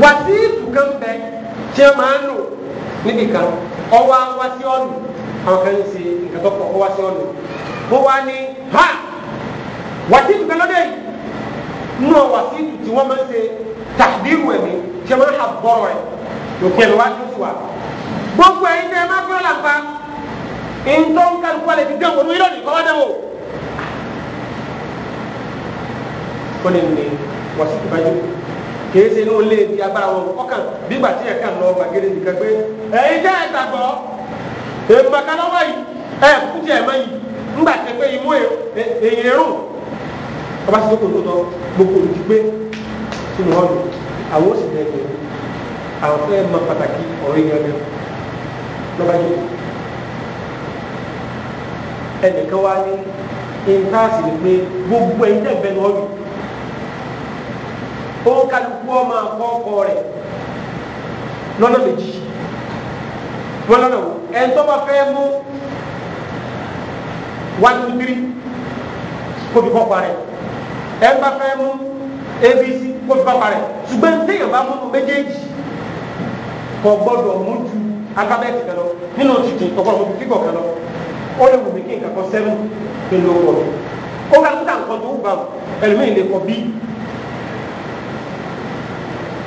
wàsíìtù kan bẹ tí a máa ń lò níbi kan ọwọ́ wá sí ọ̀nù àwọn kan ń ṣe nǹkan tó pọ̀ ọwọ́ wá sí ọ̀nù ó wá ní ha wàsíìtù kan lọ́dẹ̀ yìí nínú wàsíìtù tí wọ́n máa ń ṣe tàbí ìwẹ̀mí tí a máa ń hà bọ́rọ̀ ẹ̀ yòókè ló wá dúdú wa gbogbo ẹ̀yin tẹ́ ẹ má fẹ́ la fa ntọ́ nkàlùkù alẹ́ ti dẹ́ wọ́n yíyọ́ ní kọ́wá dẹ́ wò. ó lè ní wọ́n sì ti bá jù kìí ṣe ní o lè di agbára wọn ọkàn bígbà tí ẹ̀ka lọ gbàgede nìkan pé ẹ̀yin tẹ́ ẹ gbàgbọ́ èèmọ̀ kan lọ́wọ́ yìí ẹ̀ kúkú tí ẹ̀ mọ́ yìí ńgbà tẹ pé imú èyí rún ọba sì tó kò tó tọ gbogbo olùdígbé sínú ọ̀nà àwọn òsì tẹ̀ ẹ̀ àwọn fẹ́ mọ pàtàkì ọ̀rọ̀ yẹn gan lọ́ba yìí ẹnìkan wá ní intaasi ni pé gbogbo ẹ̀yin náà bẹ lọ́ọ̀rì ó ń kálukú ọmọ àkọ́kọ́ rẹ̀ lọ́nà méjì wọ́n lọ́nà wò ẹni tó bá fẹ́ mú one two three kó fi kọ́ parẹ́ ẹni bá fẹ́ mú abc kó fi kọ́ parẹ́ ṣùgbọ́n téèyàn bá mú méjèèjì kò gbọ́dọ̀ mú ju akabẹ́ẹ̀tì kan lọ nínú títì kò gbọ́dọ̀ mú ju kíkọ̀ kan lọ ó lè wù mí kí nǹkan kọ sẹ́nu kí n lọ wọ̀ mí ó ga kúta nǹkan tó gbà ẹlòmíì lè kọ bí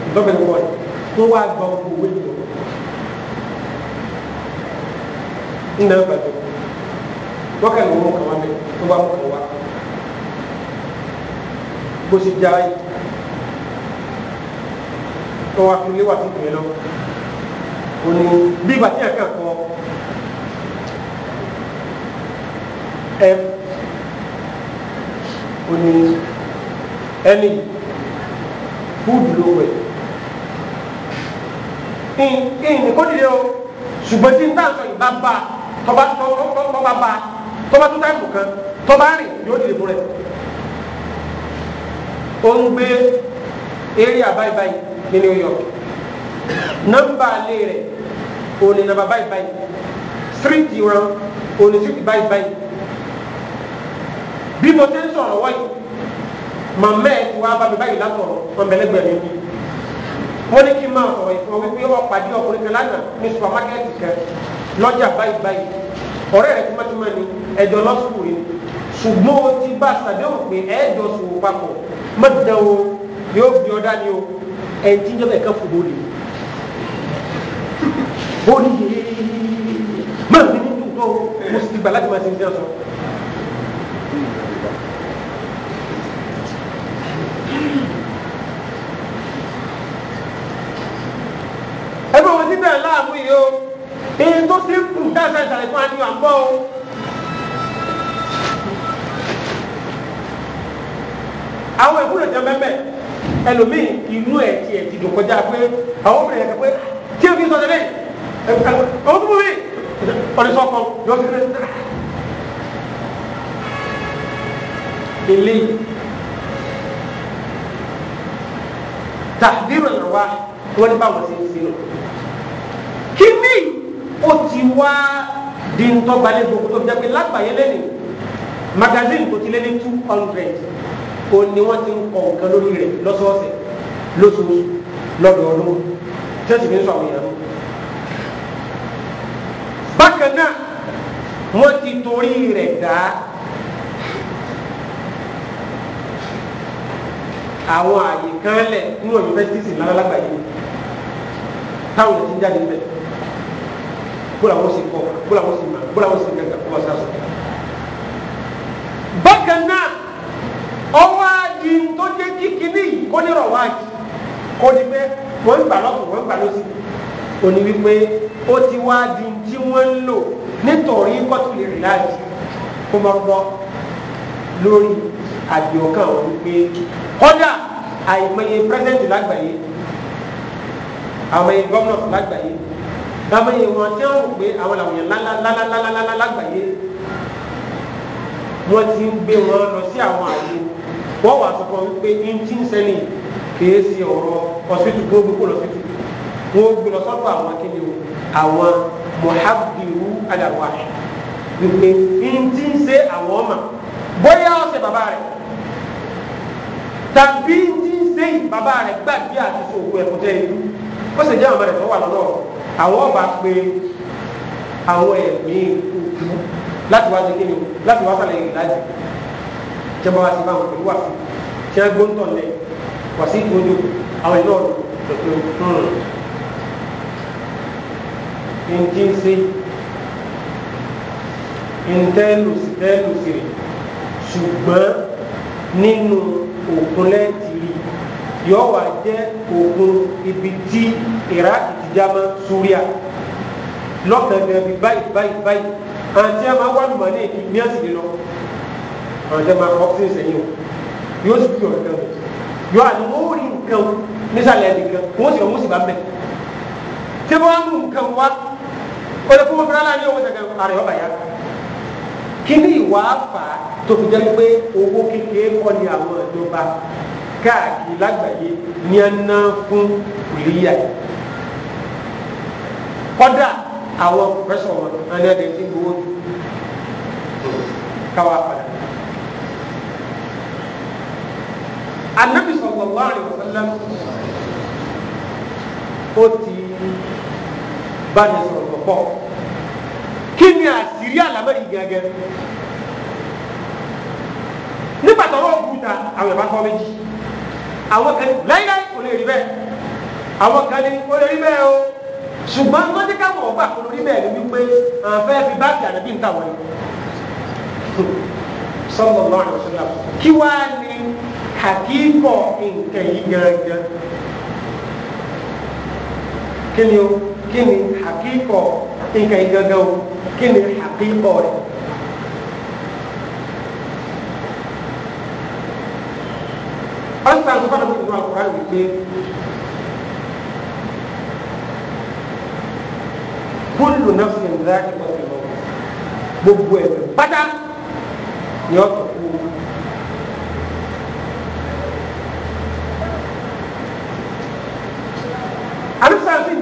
ìdọ́gbẹ̀ wọ̀ rẹ̀ tó wá gba ọkọ̀ owó ìjọ ńlẹ̀ bàjẹ́ lọ́kàn ló mú kàn wá mẹ́ tó wá mú kàn wá bó ṣe já yìí tó wá fi léwà sí ìpínlẹ̀ lọ́wọ́ òní bí ìgbà tí ẹ̀kẹ́ kọ f òní ẹni hood ló wẹ̀ ìyìn kó dìde o ṣùgbọ́n tí n tá sọ ìbá bá tọba tọba bá tọba tó táìpù kan tọba rìn yóò dìde fún rẹ ó ń gbé eré àbáyébáyé ní New York nọ́mbà ilé rẹ̀ òní nàbà báyìí báyìí síríìtì wọn òní síríìtì báyìí báyìí bí mo ti ń sọ̀rọ̀ wọ́yìí màmá ẹ̀ ti wá bá mi báyìí látọ̀rọ̀ ọ̀nbẹ̀lẹ́gbẹ̀rẹ̀ mi wọ́n ní kí n máa sọ̀rọ̀ ìfún ọ wípé wọ́n pàdé ọkùnrin kan lánàá ní supamakẹ́ẹ̀tì kan lọ́jà báyìí báyìí ọ̀rẹ́ rẹ̀ tímọ́tímọ́ ni ẹ̀jọ̀ lọ́sùkù yìí ṣùgbọ́n o ti bá sàdéhùn pé ẹ̀ẹ́dọ̀ sùn papọ̀ mọ́tìdá o yóò fi ọ̀dá ni o ẹ̀ ti ń jẹ́ bẹ́ẹ̀ kẹ́ fòbó ni bóni yéé máa fi ní dùn tó mo sì ti gbà láti máa ti ń jẹ́ sọ. ẹgbẹ́ wọn síbẹ̀ láàbù yìí o èyí tó sì kù dáadáa ìsàlẹ̀ fún adìyẹ àgbọ̀ o. àwọn ìkúrò jẹ mẹ́mẹ́ ẹlòmíì inú ẹ̀ tiẹ̀ ti dùn kọjá pé àwọn obìnrin yẹn kẹ pé kí o fi sọ tẹ́lẹ̀ o tún wí ọdísọ́ kan yóò fi rẹ̀ eléyìí tàbírò náà wá wọ́n ní báwọn ṣe ń ṣe lọ kí ni ó ti wá di ntọ́gbalẹ̀ gbogbo tó jẹ́ pé lágbàáyé lẹ́nu magazine tó ti lé ní two hundred ó ni wọ́n ti ń kọ nǹkan lórí rẹ̀ lọ́sọ̀ọ̀sẹ̀ lóṣooṣù lọ́dọọdún tẹ́sí mi sọ àwọn èèyàn bákan náà wọ́n ti torí rẹ̀ dá àwọn àyè kan lẹ̀ ní yunifásitì lálálàgbà yìí táwọn ti ń jáde ń bẹ̀ bóla wọ́n sì kọ́ bóla wọ́n sì mọ̀ bóla wọ́n sì gàgà kó wọ́n sá sọ. bákan náà ọwọ́ adi tó jẹ́ kíkiní yìí kó ní wájú kó ní pé wọ́n ń gbà lọ́kùn wọ́n ń gbà lọ́sí òní wípé ó ti wá di tí wọ́n ń lò nítorí kọ́tùlì rẹ̀ láti kó máa gbọ́ lórí àbíọ̀kan wípé kọ́dà àìmọye pírẹ́sẹ̀ntì lágbàáyé àmọye gómìnà lágbàáyé àmọye wọn tí wọn rò pé àwọn làwọn yẹn lálálálálálá lágbàáyé wọn ti ń gbé wọn lọ sí àwọn àgbo wọn wà sọ fún wọn wípé ní tí ń sẹ́ni kì í ṣe ọ̀rọ̀ ọ̀sìtù gbogbo lọ́sìtù wọ́n gbé lọ sọ́dọ̀ àwọn kí ni o àwọn muhabbiru alawahi wípé n ti ń ṣe àwọn ọmọ bóyá ọ̀sẹ̀ bàbá rẹ̀ tàbí n ti ń ṣe bàbá rẹ̀ gbàgbé àti sòkò ẹ̀kọ́ tẹ́ ìlú ó sì jẹ́ àwọn ọmọ rẹ̀ tó wà lọ́dọ̀ àwọn ọba pé àwọn ẹ̀mí òkú láti wá sí kí ni o láti wá sàlẹ̀ ìlàjì jẹba wa sí báwọn pẹ̀lú wàsí tí wọ́n gbóńtọ̀ lẹ̀ wàsí ìgbóńjò àwọn ìlú ọ̀dọ̀ ntínsí ntẹ́lùsìrì ṣùgbọ́n nínú òkun lẹ́ẹ̀tìrì yóò wá jẹ́ òkun ibi tí iraki ti já mọ́ súríà lọ́kàndínlẹ́ bí báyìí báyìí báyìí àti ẹ̀ máa wá lùmọ̀ ní èkì ní àsìkò lọ àwọn tẹ́ máa kọ́ sí ìsẹ̀yìn o yóò sì fi ọ̀rẹ́ kan yóò àti wọ́n rí nǹkan nísàlẹ̀ ẹ̀dì kan wọ́n sì kàn wọ́n sì bá ń tí wọ́n á mú nǹkan wá kọ́lé fún mọ́tò náà ní owó tẹ̀gẹ̀ àrẹ ọba yá. kí ni ìwà fà tó fi jẹ́ pé owó kékeré kọ́ ni àwọn ìjọba káàkiri lágbàáyé ní ẹ ná fún kùlíyà yìí. kọ́dà àwọn pẹ̀sọ̀ wọn ẹni ẹ̀dẹ̀ ti gbowó jù káwá padà. Ànábì sallallahu alaihi wasallam ó ti bá ní sọ̀rọ̀ tó pọ̀ kí ni àṣírí àlámẹ́rì gẹ́gẹ́ nígbà tó rọ̀ bùtà àwọn ìbá kọ́ méjì àwọn kan láíláí kò lè rí bẹ́ẹ̀ àwọn kan ní kò lè rí bẹ́ẹ̀ o ṣùgbọ́n wọ́n ti káwọn ọgbà kò lórí bẹ́ẹ̀ ni wípé àfẹ́ fi báàkì àdàbí ń tàwọn ni sallallahu alaihi wasallam kí wàá ní hakíkọ̀ nǹkan yìí gẹ́gẹ́ kí ni o kí ni àkíkọ̀ nǹkan ìgangan o kí ni àkíkọ̀ rẹ̀. ọ̀sán àti bàtà tuntun àkùrá wípé kúlù náà fi ń dá ìkọ̀kọ̀ gbogbo ẹ̀ pátá ni ọ̀tọ̀ kú.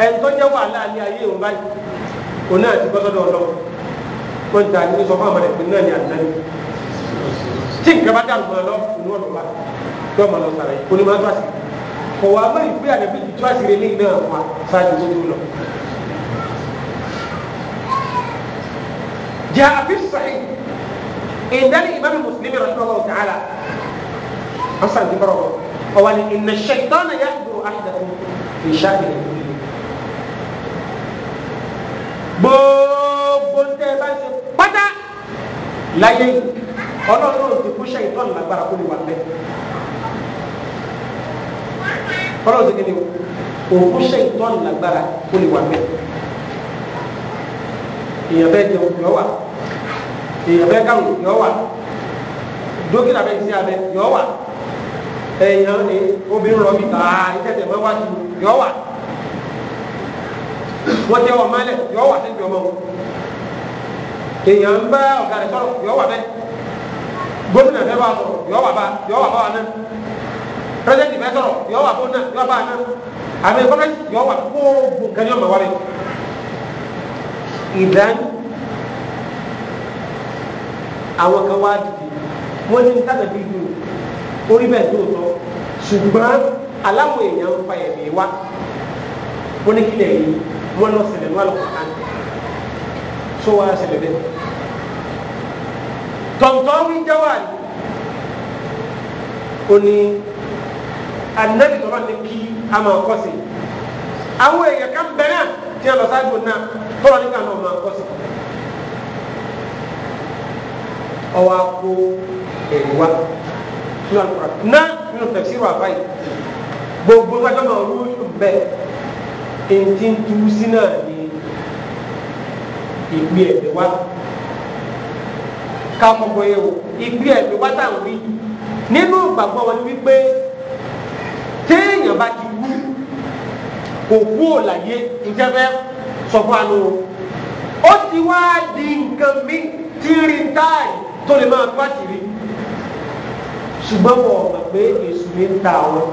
ẹni tó jẹ́ wàhálà ní ayé òun báyìí òun náà ti bọ́ sọ́dọ̀ ọlọ́run wọ́n ti àdúgbò sọ fún àwọn ẹ̀pẹ́ náà ní àdúgbò tí nǹkan bá dàrú mọ́ lọ inú ọ̀dọ̀ wa tó ọmọ lọ sàrẹ̀ onímọ̀ tó àṣírí kò wá mọ́ ìgbé àdàbí ìtú àṣírí ilé náà wà sáájú tó tó lọ. jẹ́ àfi sọ̀hìn ìdálẹ́ ìmáàmù mùsùlùmí rahimahullahu ta'ala ọ̀sán ti bọ̀rọ̀ ọ̀wà ni ìnà ṣẹ̀tọ́nà yá gbogbo tẹ́ ẹ bá ń ṣe pátá láyé ọlọ́run náà ti fún ṣèyítọ́ lágbára kó lè wà bẹ́ẹ̀ ọlọ́run ti kéde òkú ṣèyítọ́ lágbára kó lè wà bẹ́ẹ̀ èèyàn bẹ́ẹ̀ jẹun yọ wà èèyàn bẹ́ẹ̀ káwọn yọ wà dókítà bẹ́ẹ̀ sí abẹ yọ wà èèyàn obìnrin rọ̀ mí tààrí tẹ̀tẹ̀ mọ́ wájú yọ wà wọ́n tẹ wọn mọ́lẹ̀ yọ wà tẹ́jú ọmọ wọn èèyàn ń bá ọ̀gá rẹ̀ sọ̀rọ̀ yọ wà bẹ́ẹ̀ gómìnà fẹ́ bá sọ̀rọ̀ yọ wà bá yọ wà bá wa náà pírẹsidẹ́ntì fẹ́ sọ̀rọ̀ yọ wà bó náà yọ bá wa náà àmì kọ́mẹ́tì yọ wà kó nǹkan yọ mà wá bẹ́ẹ̀. ìdán àwọn kan wá dìde wọ́n ní sábà bí ju orí bẹ́ẹ̀ tó tọ́ ṣùgbọ́n aláwọ̀ èèyàn ń fa ẹ̀mí wa ó ní kílẹ̀ yìí wọ́n lọ ṣẹlẹ̀ wọ́n lọ kọ̀ọ̀kan so wọ́n á ṣẹlẹ̀ bẹ́ẹ̀. tọ̀ntọ̀wí jáwá ni ó ní anabi tọ́lọ́ ní kí a máa kọ́ sí àwọn èèyàn kan bẹ̀ tí a lọ sáájú náà tọ́lọ́ ní kí a máa kọ́ sí. ọwọ́ a kó ẹ̀rí wa nínú àlùkò náà nínú tẹ̀síwò àbáyé gbogbo gbàgbọ́ máa rú bẹ́ẹ̀ ètí ń tu sí náà ni ìgbé ẹ̀mí wá ká kọ́kọ́ yẹ o ìgbé ẹ̀mí wá tá à ń wí nínú ìgbàgbọ́ wọn ni wípé téèyàn bá ti wú kò kú òlàyé ìjẹ́fẹ́ sọ fún àánú ó ti wá di nǹkan mi tí rí táàyè tó lè máa tó àṣírí ṣùgbọ́n wọn ò mọ̀ pé èṣù ta àwọn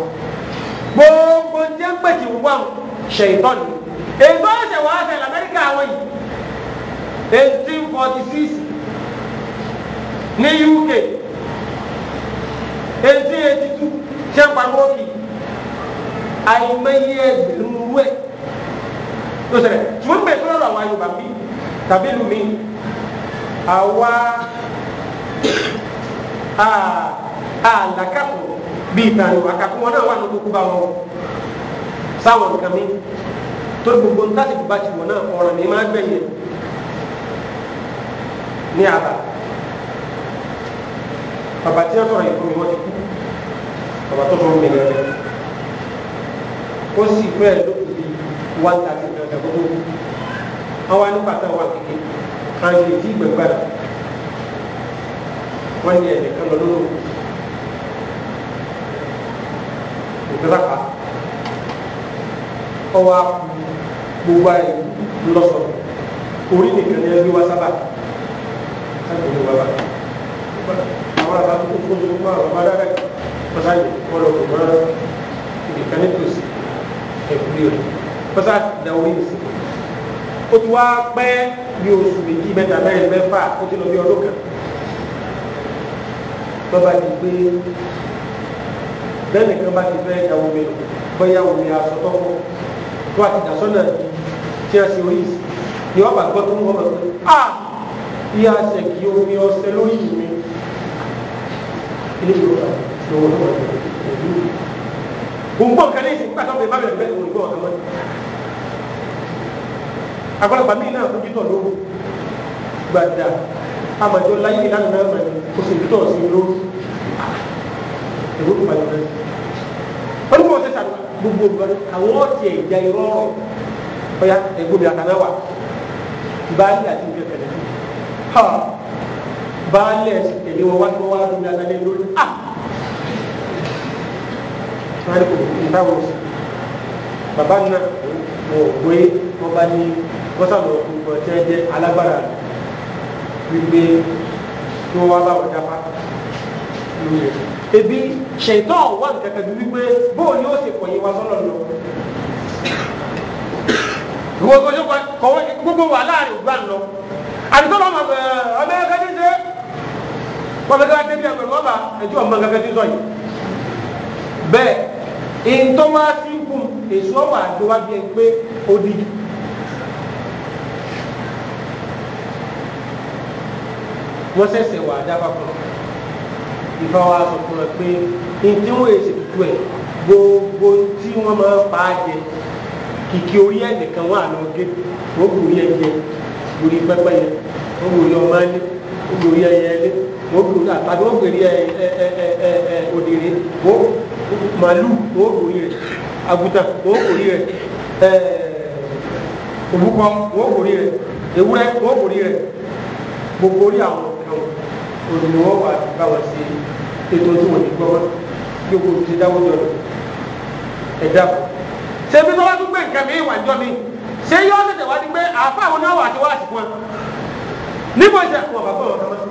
gbogbo jẹ́ pẹ̀tì wà ṣèyítọ́nù èyítọ́ ẹ̀sẹ̀ wàá ṣẹlẹ̀ Amẹ́ríkà àwọn yìí eighteen forty six ní UK eighteen eighty two ṣé ń pariwo kì í àìmọye ẹgbẹ̀rún wẹ̀ tó ṣẹlẹ̀ ṣùgbọ́n bẹ́ẹ̀ tó lọ́rọ̀ àwọn Yorùbá bíi tàbí ìlú mi àwa àlàkàtọ̀ bíi ìtàn Yorùbá kàkún wọn náà wà ní kókó bá wọn sáwọn nǹkan mi torí gbogbo ń tásìkò bá ti wọ̀ náà ọ̀ràn ní máa gbẹ̀yìn ní àbá bàbá tí wọ́n sọ̀rọ̀ yìí fún mi wọ́n ti kú bàbá tó fún mi lẹ́nu ó sì fẹ́ lókun bíi one thirty nǹkan tó tó àwọn nípa táwọn àkékè kan lè di ìgbẹ́gbẹ́ra wọ́n ní ẹ̀ẹ́dẹ̀kan lọ́dún lóko ìgbẹ́lápàá kọ́ wa kú gbogbo ayé lọ́sọ̀ orí nìkan ni ẹgbẹ́ wa sábà sábà ní bàbá àwọn àbá tó kó tó kó àwọn bàbá dára pàṣẹ ọlọ kò mọ nìkan ní tòsí ẹkùnrin rẹ pàṣẹ àtìdáwó yìí sí o ti wá pẹ́ bí oṣù méjì mẹ́ta mẹ́rin mẹ́fà o ti lọ bí ọdún kan bàbá ti gbé bẹ́ẹ̀ nìkan bá ti fẹ́ ìyàwó mi bọ́yá omi asọ́tọ́kọ̀ tó a ti dà sọ́nà tí a sì wọ́n yìí yọ ọ́ bàgbọ́ tó ń wọ́n mọ̀ a yà sẹ̀ kí omi ọ̀sẹ̀ lórí mi ilé ìwé wa lọ́wọ́ lọ́wọ́ gbogbo nǹkan ní ìsìn pàtó bẹ́ẹ̀ bá bẹ̀rẹ̀ bẹ́ẹ̀ òyìnbó ọ̀gá mọ́ àgbàlagbà míì náà fojú tọ̀ lóru gbàdà amadu láyé ìlànà náà mọ̀ oṣù tó sí lóru èrò kò bá yọ̀ náà. olùkọ́ ọ̀sẹ̀ gbogbo nǹkan àwọn ọ̀tí ẹ̀jẹ̀ irọ́ ọ̀rọ̀ ọ̀yà ẹ̀gbọ́n mi àtàmẹ́wà báyìí àti ìjọ kẹlẹ́ ha báyìí ẹ̀sìn tẹ̀lé wọn wá tí wọ́n wá lómi alẹ́ lórí a sọ́wọ́n kò ní táwọn sí bàbá náà wọ̀ pé wọ́n bá ní wọ́sàn lọ gbogbo ọ̀tí ẹ̀jẹ̀ alágbára wípé tí wọ́n wá bá wọn dáfá lórí ẹ̀ ebi ṣètọ́ wà nǹkan kan bíi wípé bóò ni ó ṣe pọ̀ yìí wá sọ́lọ̀ lọ. gbogbo kọ̀wé gbogbo wà láàrin ògbà ń lọ àdìsọ́ lọ́mọ ọmọ ẹgbẹ́ ní ṣe wọ́n fẹ́ kí wọ́n débi ẹgbẹ̀rún ọba ẹjọ́ ọmọ gẹ́gẹ́ tí ń sọ yìí. bẹ́ẹ̀ ìtọ́ sí kùn èso ọwà àdéwájú ẹ pé ó di. wọ́n ṣẹ̀ṣẹ̀ wà á dábàá kùn ìfọwọ́ wa sọ fún wọn pé ntí wọn èsì tutù ẹ̀ gbogbo tí wọ́n máa ń pa á jẹ kìkì orí ẹ̀ nìkan wà lọ gé wọ́n gbòòrí ẹ̀ jẹ gbòòrí pẹ́pẹ́ yẹn wọ́n gbòòrí ọmọ ẹni wọ́n gbòòrí ẹyẹ ẹni wọ́n gbòòrí àtàbí wọ́n gbòòrí ẹ ẹ ẹ ẹ ẹ òdìrí wọ́n màálù wọ́n gbòòrí rẹ̀ àgùtàn wọ́n gbòòrí rẹ̀ ẹ òbúkọ wọ́n gbòòrí rẹ̀ ewúrẹ́ wọ́n gbòòrí rẹ̀ gbogbo orí àwọn ọ̀kan òní ni wọ́n wà á ti bá wọn ṣe ètò tí wọ́n ní gbọ́ yòókù ti dáwọ́ jọ ẹ̀dá fún. ṣé bí wọ́n tún gbé nǹkan mi ìwà ìjọ mi ṣé yóò tètè wá ní pé àáfà àwọn náà wà á ti wá àsìkò wọn níbo ìṣe àkùnwọ̀n bàbá wọn kan mọ́.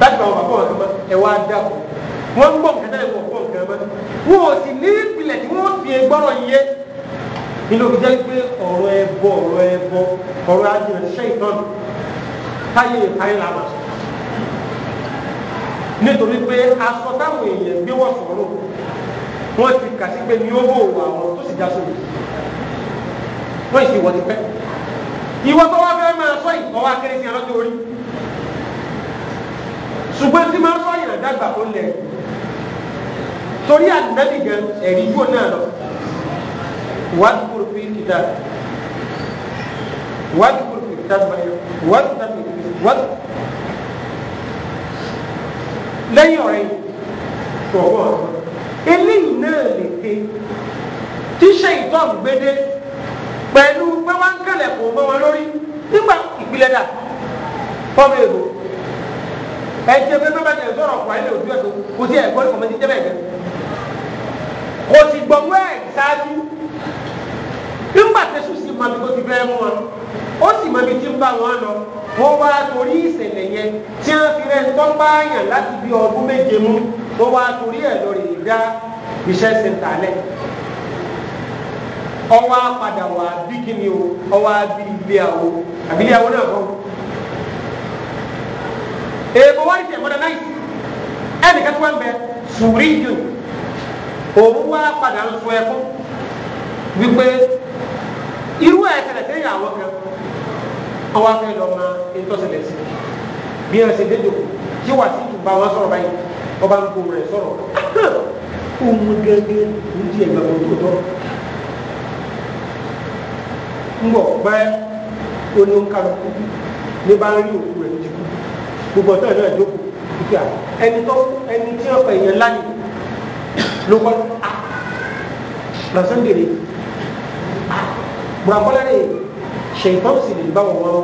láti bá wọn bàbá wọn kan mọ́ ẹ wá dá kù wọ́n ń gbọ́ nǹkan náà wọ́n gbọ́ nǹkan mọ́ wọn ò sì ní ìpìlẹ̀ tí wọ́n fi gbọ́rọ̀ yé inú fi jẹ́ pé ọ̀rọ̀ ẹbọ ọ̀rọ̀ ẹbọ ọ̀rọ̀ ajínà ṣẹ́ ìtọ́nù táyé ìparí la máa sọ nítorí pé aṣọ táwọn èèyàn gbé wọ́n sọ̀rọ̀ wọ́n ti kà sí pé ní ó bò wà àwọn tó sì já sóòrò wọ́n ìsìn ìwọ́n ti pẹ́ ìwọ́n tó wá fẹ́ máa sọ ìkọ́ wá kéré sí ọlọ́jọ́ orí ṣùgbọ́n tí máa sọ ìrìn àdàgbà tó lẹ̀ torí àdìmẹ́lì gan ẹ̀rí yóò náà lọ. واذكر في الكتاب واذكر في الكتاب واذكر في الكتاب lẹ́yìn ọ̀rẹ́ ọ̀wọ́ ọ̀sán eléyìí náà lè pe tíṣe ìtọ́n gbédé pẹ̀lú pé wọ́n ń kẹlẹ̀ kò mọ́ wọn lórí nígbà ìpìlẹ̀ dà pọ́bí èbò ẹ̀jẹ̀ pé bẹ́ẹ̀ bẹ́ẹ̀ sọ̀rọ̀ ọ̀pọ̀ ayélujára ojú ẹ̀sọ́ kò sí ẹ̀gbọ́n kọ̀mọ́tì jẹ́ bẹ́ẹ̀ gẹ́ kò sì gbọ̀ngbọ́ ẹ̀ ṣáájú nígbà tẹ́sù sì mọ ibi tó ti fẹ́ mú wọn ó sì mọ ibi tí ń bá wọn lọ wọ́n wá torí ìṣẹ̀lẹ̀ yẹn tí wọ́n fi rẹ̀ ń tọ́ báyàn láti bí ọdún méje mú wọ́n wá torí ẹ̀ lọ rè dá iṣẹ́ ṣẹ̀ǹtà lẹ̀ ọwọ́ apàdà wà bí kíni o ọwọ́ abí ilé àwo àbí ilé àwo náà kọ́ èèbò wọ́n ti tẹ̀ mọ́dà náà ẹnì kẹ́tọ́ ń bẹ sùúrì yìí òun wá padà ń sọ ẹ̀kọ́ wípé irú ẹ̀ ṣẹlẹ̀ sẹ́yìn àwọn kan ọwọ́ afẹ́ lọ ma ìtọ́sẹ̀lẹ̀ sí bí ẹ ṣe dédò tí wà sí ìtùbà wọn sọ̀rọ̀ báyìí ọba ń gbòòrò ẹ̀ sọ̀rọ̀ ohun gẹ́gẹ́ ń di ẹ̀gbà gbogbo tọ́ ń bọ̀ pẹ́ oníkàlùkù ní bá ń rí òkú rẹ̀ lójú gbogbo ọ̀tọ́ ìlú ẹ̀ jókòó ẹni tó ẹni tí ọ̀pọ̀ èèyàn láyè ló kọ́ lọ́sọ̀ndèrè burakɔlɛ de sɛyitan siri ba wọn wɔrɔ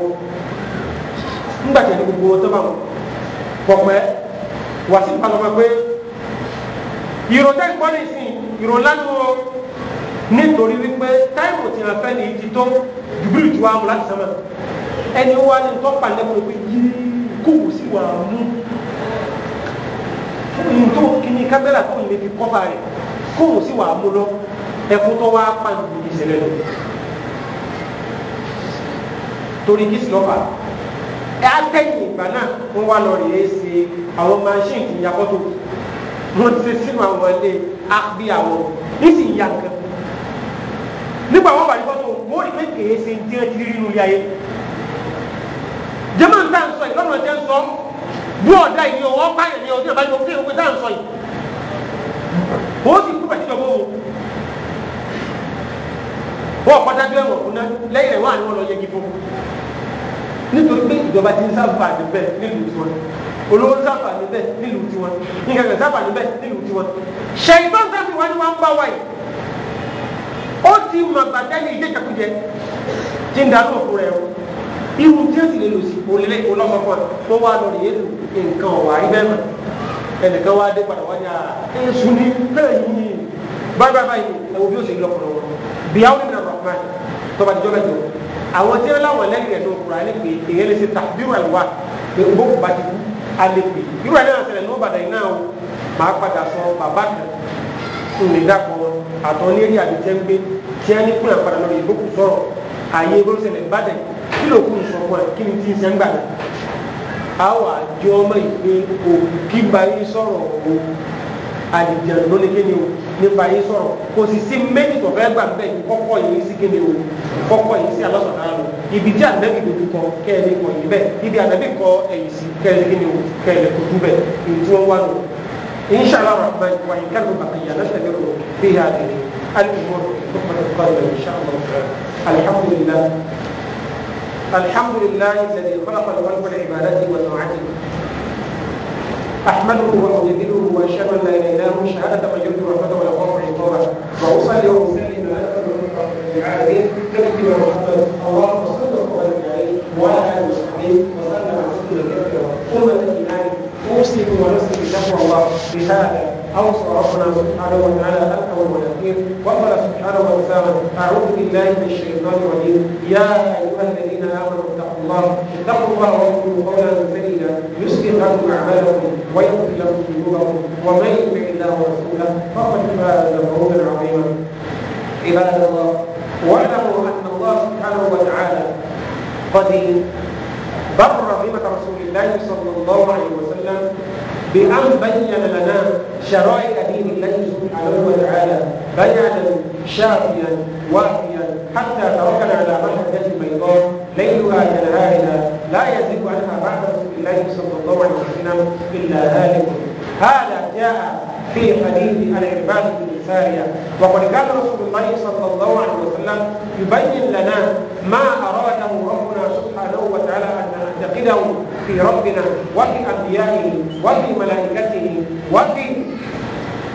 ŋgbàtɛ ni gbogbo wọn tó ma pɔpɛ wàsí palɔmɔ pé ìròtẹ́ ìgbọ́nì sí ìròlánu o nítorí wípé táìmù tí a fẹ́ ní ti tó jùbìlì ju àmú láti sẹ́mẹ̀ ẹni wá ní tó pàdé kó pé yìí kò wù sí wà mú nítorí kí ni kábẹ́là tó yẹ fi kọ́ bá rẹ̀ kò wù sí wà mú lọ ẹkún tó wá pa ìdúró ìṣẹ̀lẹ̀ lọ torí kí sinọfà atẹ́yìn ìgbà náà wọ́n wá lọ rèé ṣe àwọn machine kì í ya fọ́tò wọ́n ti ṣe sínú àwọn ilé àbí àwọn níṣì ìyá nǹkan nígbà wọ́n wà ní fọ́tò wọ́n rí pé kèé ṣe ń dín kiri nínú ilé ayé jẹ́mọ̀ ń tà ń sọ yìí lọ́nà jẹ́ ń sọ bí ọ̀dà yìí ọwọ́ pààyàn ní ọdún ìbájú òfin òfin tà ń sọ yìí ó sì kú pẹ̀lú ìjọba òun wọ́n kọ́tà gílẹ̀ wọ̀ fún náà lẹ́yìn rẹ̀ wọ́n àní wọ́n lọ yẹgi fún nítorí pé ìjọba ti ń sáfàní bẹ́ẹ̀ nílùú tiwọn olówó ń sáfàní bẹ́ẹ̀ nílùú tiwọn nǹkan kan sáfàní bẹ́ẹ̀ nílùú tiwọn ṣèyí tó ń sáfì wá ní wọn bá wáyé ó ti mọ gbàdálẹ̀ ilé ìjàkújẹ tí ń darú òkú rẹ̀ o irun tí ó sì lè lò sí olè olọ́mọkọ tó wà lórí èlò nǹkan ọ̀wà rí bẹ́ẹ̀ mọ̀ ẹnìkan wá dé padà wáyà èṣù ní bẹ́ẹ̀ yìí báyìí báyìí ẹ̀wọ̀n bí ó ṣe lọ́kọ̀ọ́ bíyàwó ni bìnnà rọ̀kùnmá tọ́ba ìjọba jù àwọn tí wọ́n láwọn lẹ́yìn rẹ̀ ní òkúra ní pé èyẹ lè ṣe tàbírù àlùwà pé ògbó kò bá ti kú alẹ́ pé irú ẹ̀ náà ṣẹlẹ̀ ní òbàdàn iná o máa padà sọ bàbá kan ní dàpọ̀ àtọ́ ní eré àbíjẹ́ ń gbé tí wọ́n ní kúnlẹ̀ padà lórí ìgbókù sọ̀rọ̀ àyè gbọ́sẹ̀lẹ̀ bàdàn kí ló kún sọ fún ẹ kí ni tí ń sẹ́ńgbà náà àwọn àjọ ọmọ ìgbé òkú kí àlìjẹ̀rù ló ní kíni o nípa yìí sọ̀rọ̀ kò sì sí méjì tó fẹ́ gbà bẹ́ẹ̀ ni kọ́kọ́ yìí sí kíni o kọ́kọ́ yìí sí alọ́sọ̀tàn lọ ibi tí ànábì dojú kọ kẹ́ẹ̀lì kọ yìí bẹ́ẹ̀ ibi ànábì kọ ẹ̀yìn sí kẹ́ẹ̀lì kíni o kẹ́ẹ̀lì kò dú bẹ́ẹ̀ èyí tí wọ́n wá lọ. inṣàlá rahman wa in kálù bàkàyà lọ́sẹ̀lẹ̀ rò bí i àdìrí alùpùpù alhamdulillah alhamdulillah احمده واجلله واشهد ان لا اله الا هو شهاده من رحمته ولا يخاف عقابه واصلي واسلم على أكرم اشرف العالمين نبينا محمد اللهم صل وسلم عليه وعلى اله وصحبه وسلم على رسول الله ثم الايمان اوصيكم ونفسي بتقوى الله بهذا أوصى ربنا سبحانه وتعالى أنه المنافقين وقال سبحانه وتعالى أعوذ بالله من الشيطان الرجيم يا أيها الذين آمنوا اتقوا الله اتقوا الله وقولوا قولا سديدا يصلح لكم أعمالكم ويغفر لكم ذنوبكم ومن يطع الله ورسوله فقد فاز فوزا عظيما عباد الله واعلموا أن الله سبحانه وتعالى قد بر بمة رسول الله صلى الله عليه وسلم بأن بين لنا شرائع دين الله سبحانه وتعالى بيانا شافيا وافيا حتى تركنا على محجة البيضاء ليلها كنهارها لا يزيد عنها بعد رسول الله صلى الله عليه وسلم إلا هالك هذا جاء في حديث العباد بن سارية وقد كان رسول الله صلى الله عليه وسلم يبين لنا ما أراده ربنا سبحانه وتعالى أن نعتقده في ربنا وفي أنبيائه وفي ملائكته وفي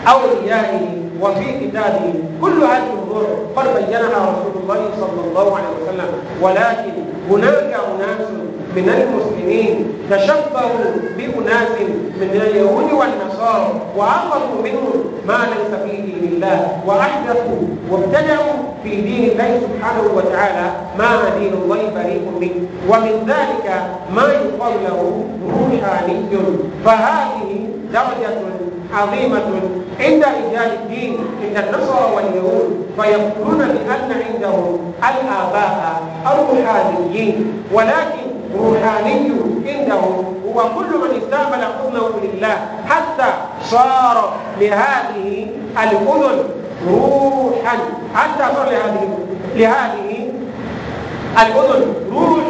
أوليائه وفي كتابه كل هذه الأمور قد بينها رسول الله صلى الله عليه وسلم ولكن هناك أناس من المسلمين تشبهوا بأناس من اليهود والنصارى وعرفوا منهم ما ليس في دين الله وأحدثوا وابتدعوا في دين الله سبحانه وتعالى ما دين الله بريء منه ومن ذلك ما يقال له روحاني فهذه درجة عظيمة عند رجال الدين عند النصارى واليهود فيقولون بأن عندهم الآباء الروحانيين ولكن روحاني عندهم هو كل من استعمل حكمه لله حتى صار لهذه الأذن روحا حتى نقول لهذه لهذه الأذن روح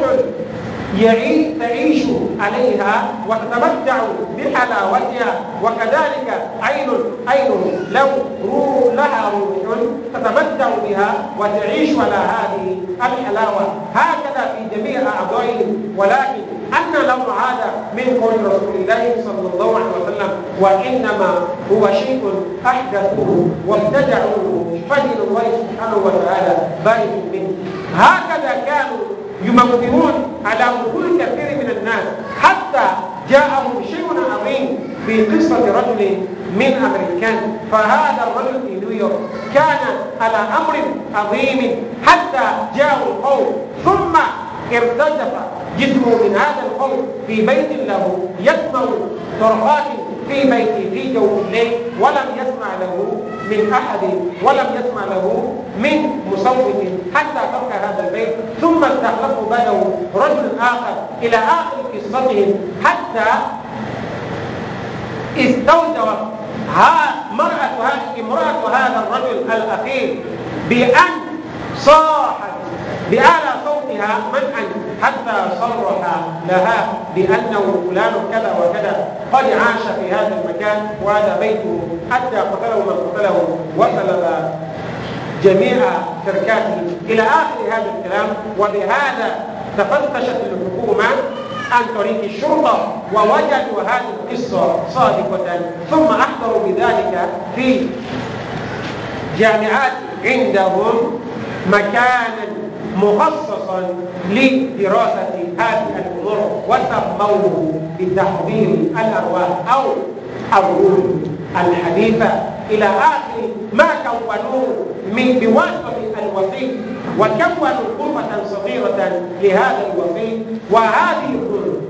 يعيش تعيش عليها وتتمتع بحلاوتها وكذلك عين عين لو روح لها روح تتمتع بها وتعيش على هذه الحلاوة هكذا في جميع أعضائه ولكن حتى لو عاد من قول رسول الله صلى الله عليه وسلم وإنما هو شيء أحدثوه وابتدعوه فجر الله سبحانه وتعالى بارئ منه هكذا كانوا يمكنون على وجود كثير من الناس حتى جاءهم شيء عظيم في قصة رجل من أمريكان فهذا الرجل في نيويورك كان على أمر عظيم حتى جاءوا القوم ثم ارتجف جسمه من هذا الخوف في بيت له يسمع صرخات في بيته في جو الليل ولم يسمع له من أحد ولم يسمع له من مصوت حتى ترك هذا البيت ثم استخلفه بعده رجل آخر إلى آخر قصتهم حتى استوجب مرأة هذه امرأة هذا الرجل الأخير بأن صاحت بأعلى بها منعا حتى صرح لها بأنه فلان كذا وكذا قد عاش في هذا المكان وهذا بيته حتى قتله من قتله وسلب جميع شركاته إلى آخر هذا الكلام وبهذا تفتشت الحكومة عن طريق الشرطة ووجدوا هذه القصة صادقة ثم أحضروا بذلك في جامعات عندهم مكانا مخصصا لدراسة هذه الأمور وسموه بتحضير الأرواح أو الروح الحديثة إلى آخر ما كونوه من بواسطة الوسيط وكونوا غرفة صغيرة لهذا الوسيط وهذه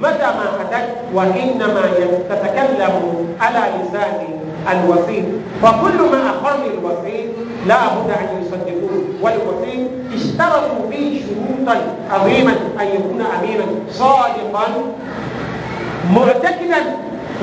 متى ما حدث وإنما تتكلم على لسان الوسيط وكل ما أخر الوسيط لا بد أن يصدقوه والوكيل اشترطوا به شروطا عظيما أن يكون أميرا صادقا مرتكبا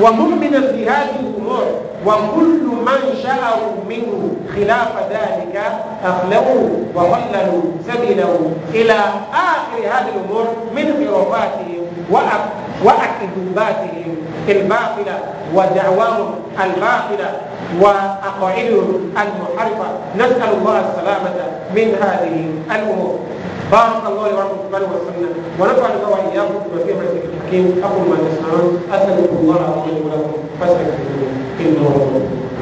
ومؤمنا في هذه الأمور وكل من شعروا منه خلاف ذلك أخلوا وظللوا سبيله إلى آخر هذه الأمور من خرافاته وأكذوباتهم الباطلة ودعواهم الباطلة وأقاعدهم المحرفة نسأل الله السلامة من هذه الأمور بارك الله لي ولكم سبحانه وسلم ونفعل الله واياكم بما فيه من ذكر الحكيم اقول ما تسمعون اسالكم الله العظيم لكم فاستغفروه انه هو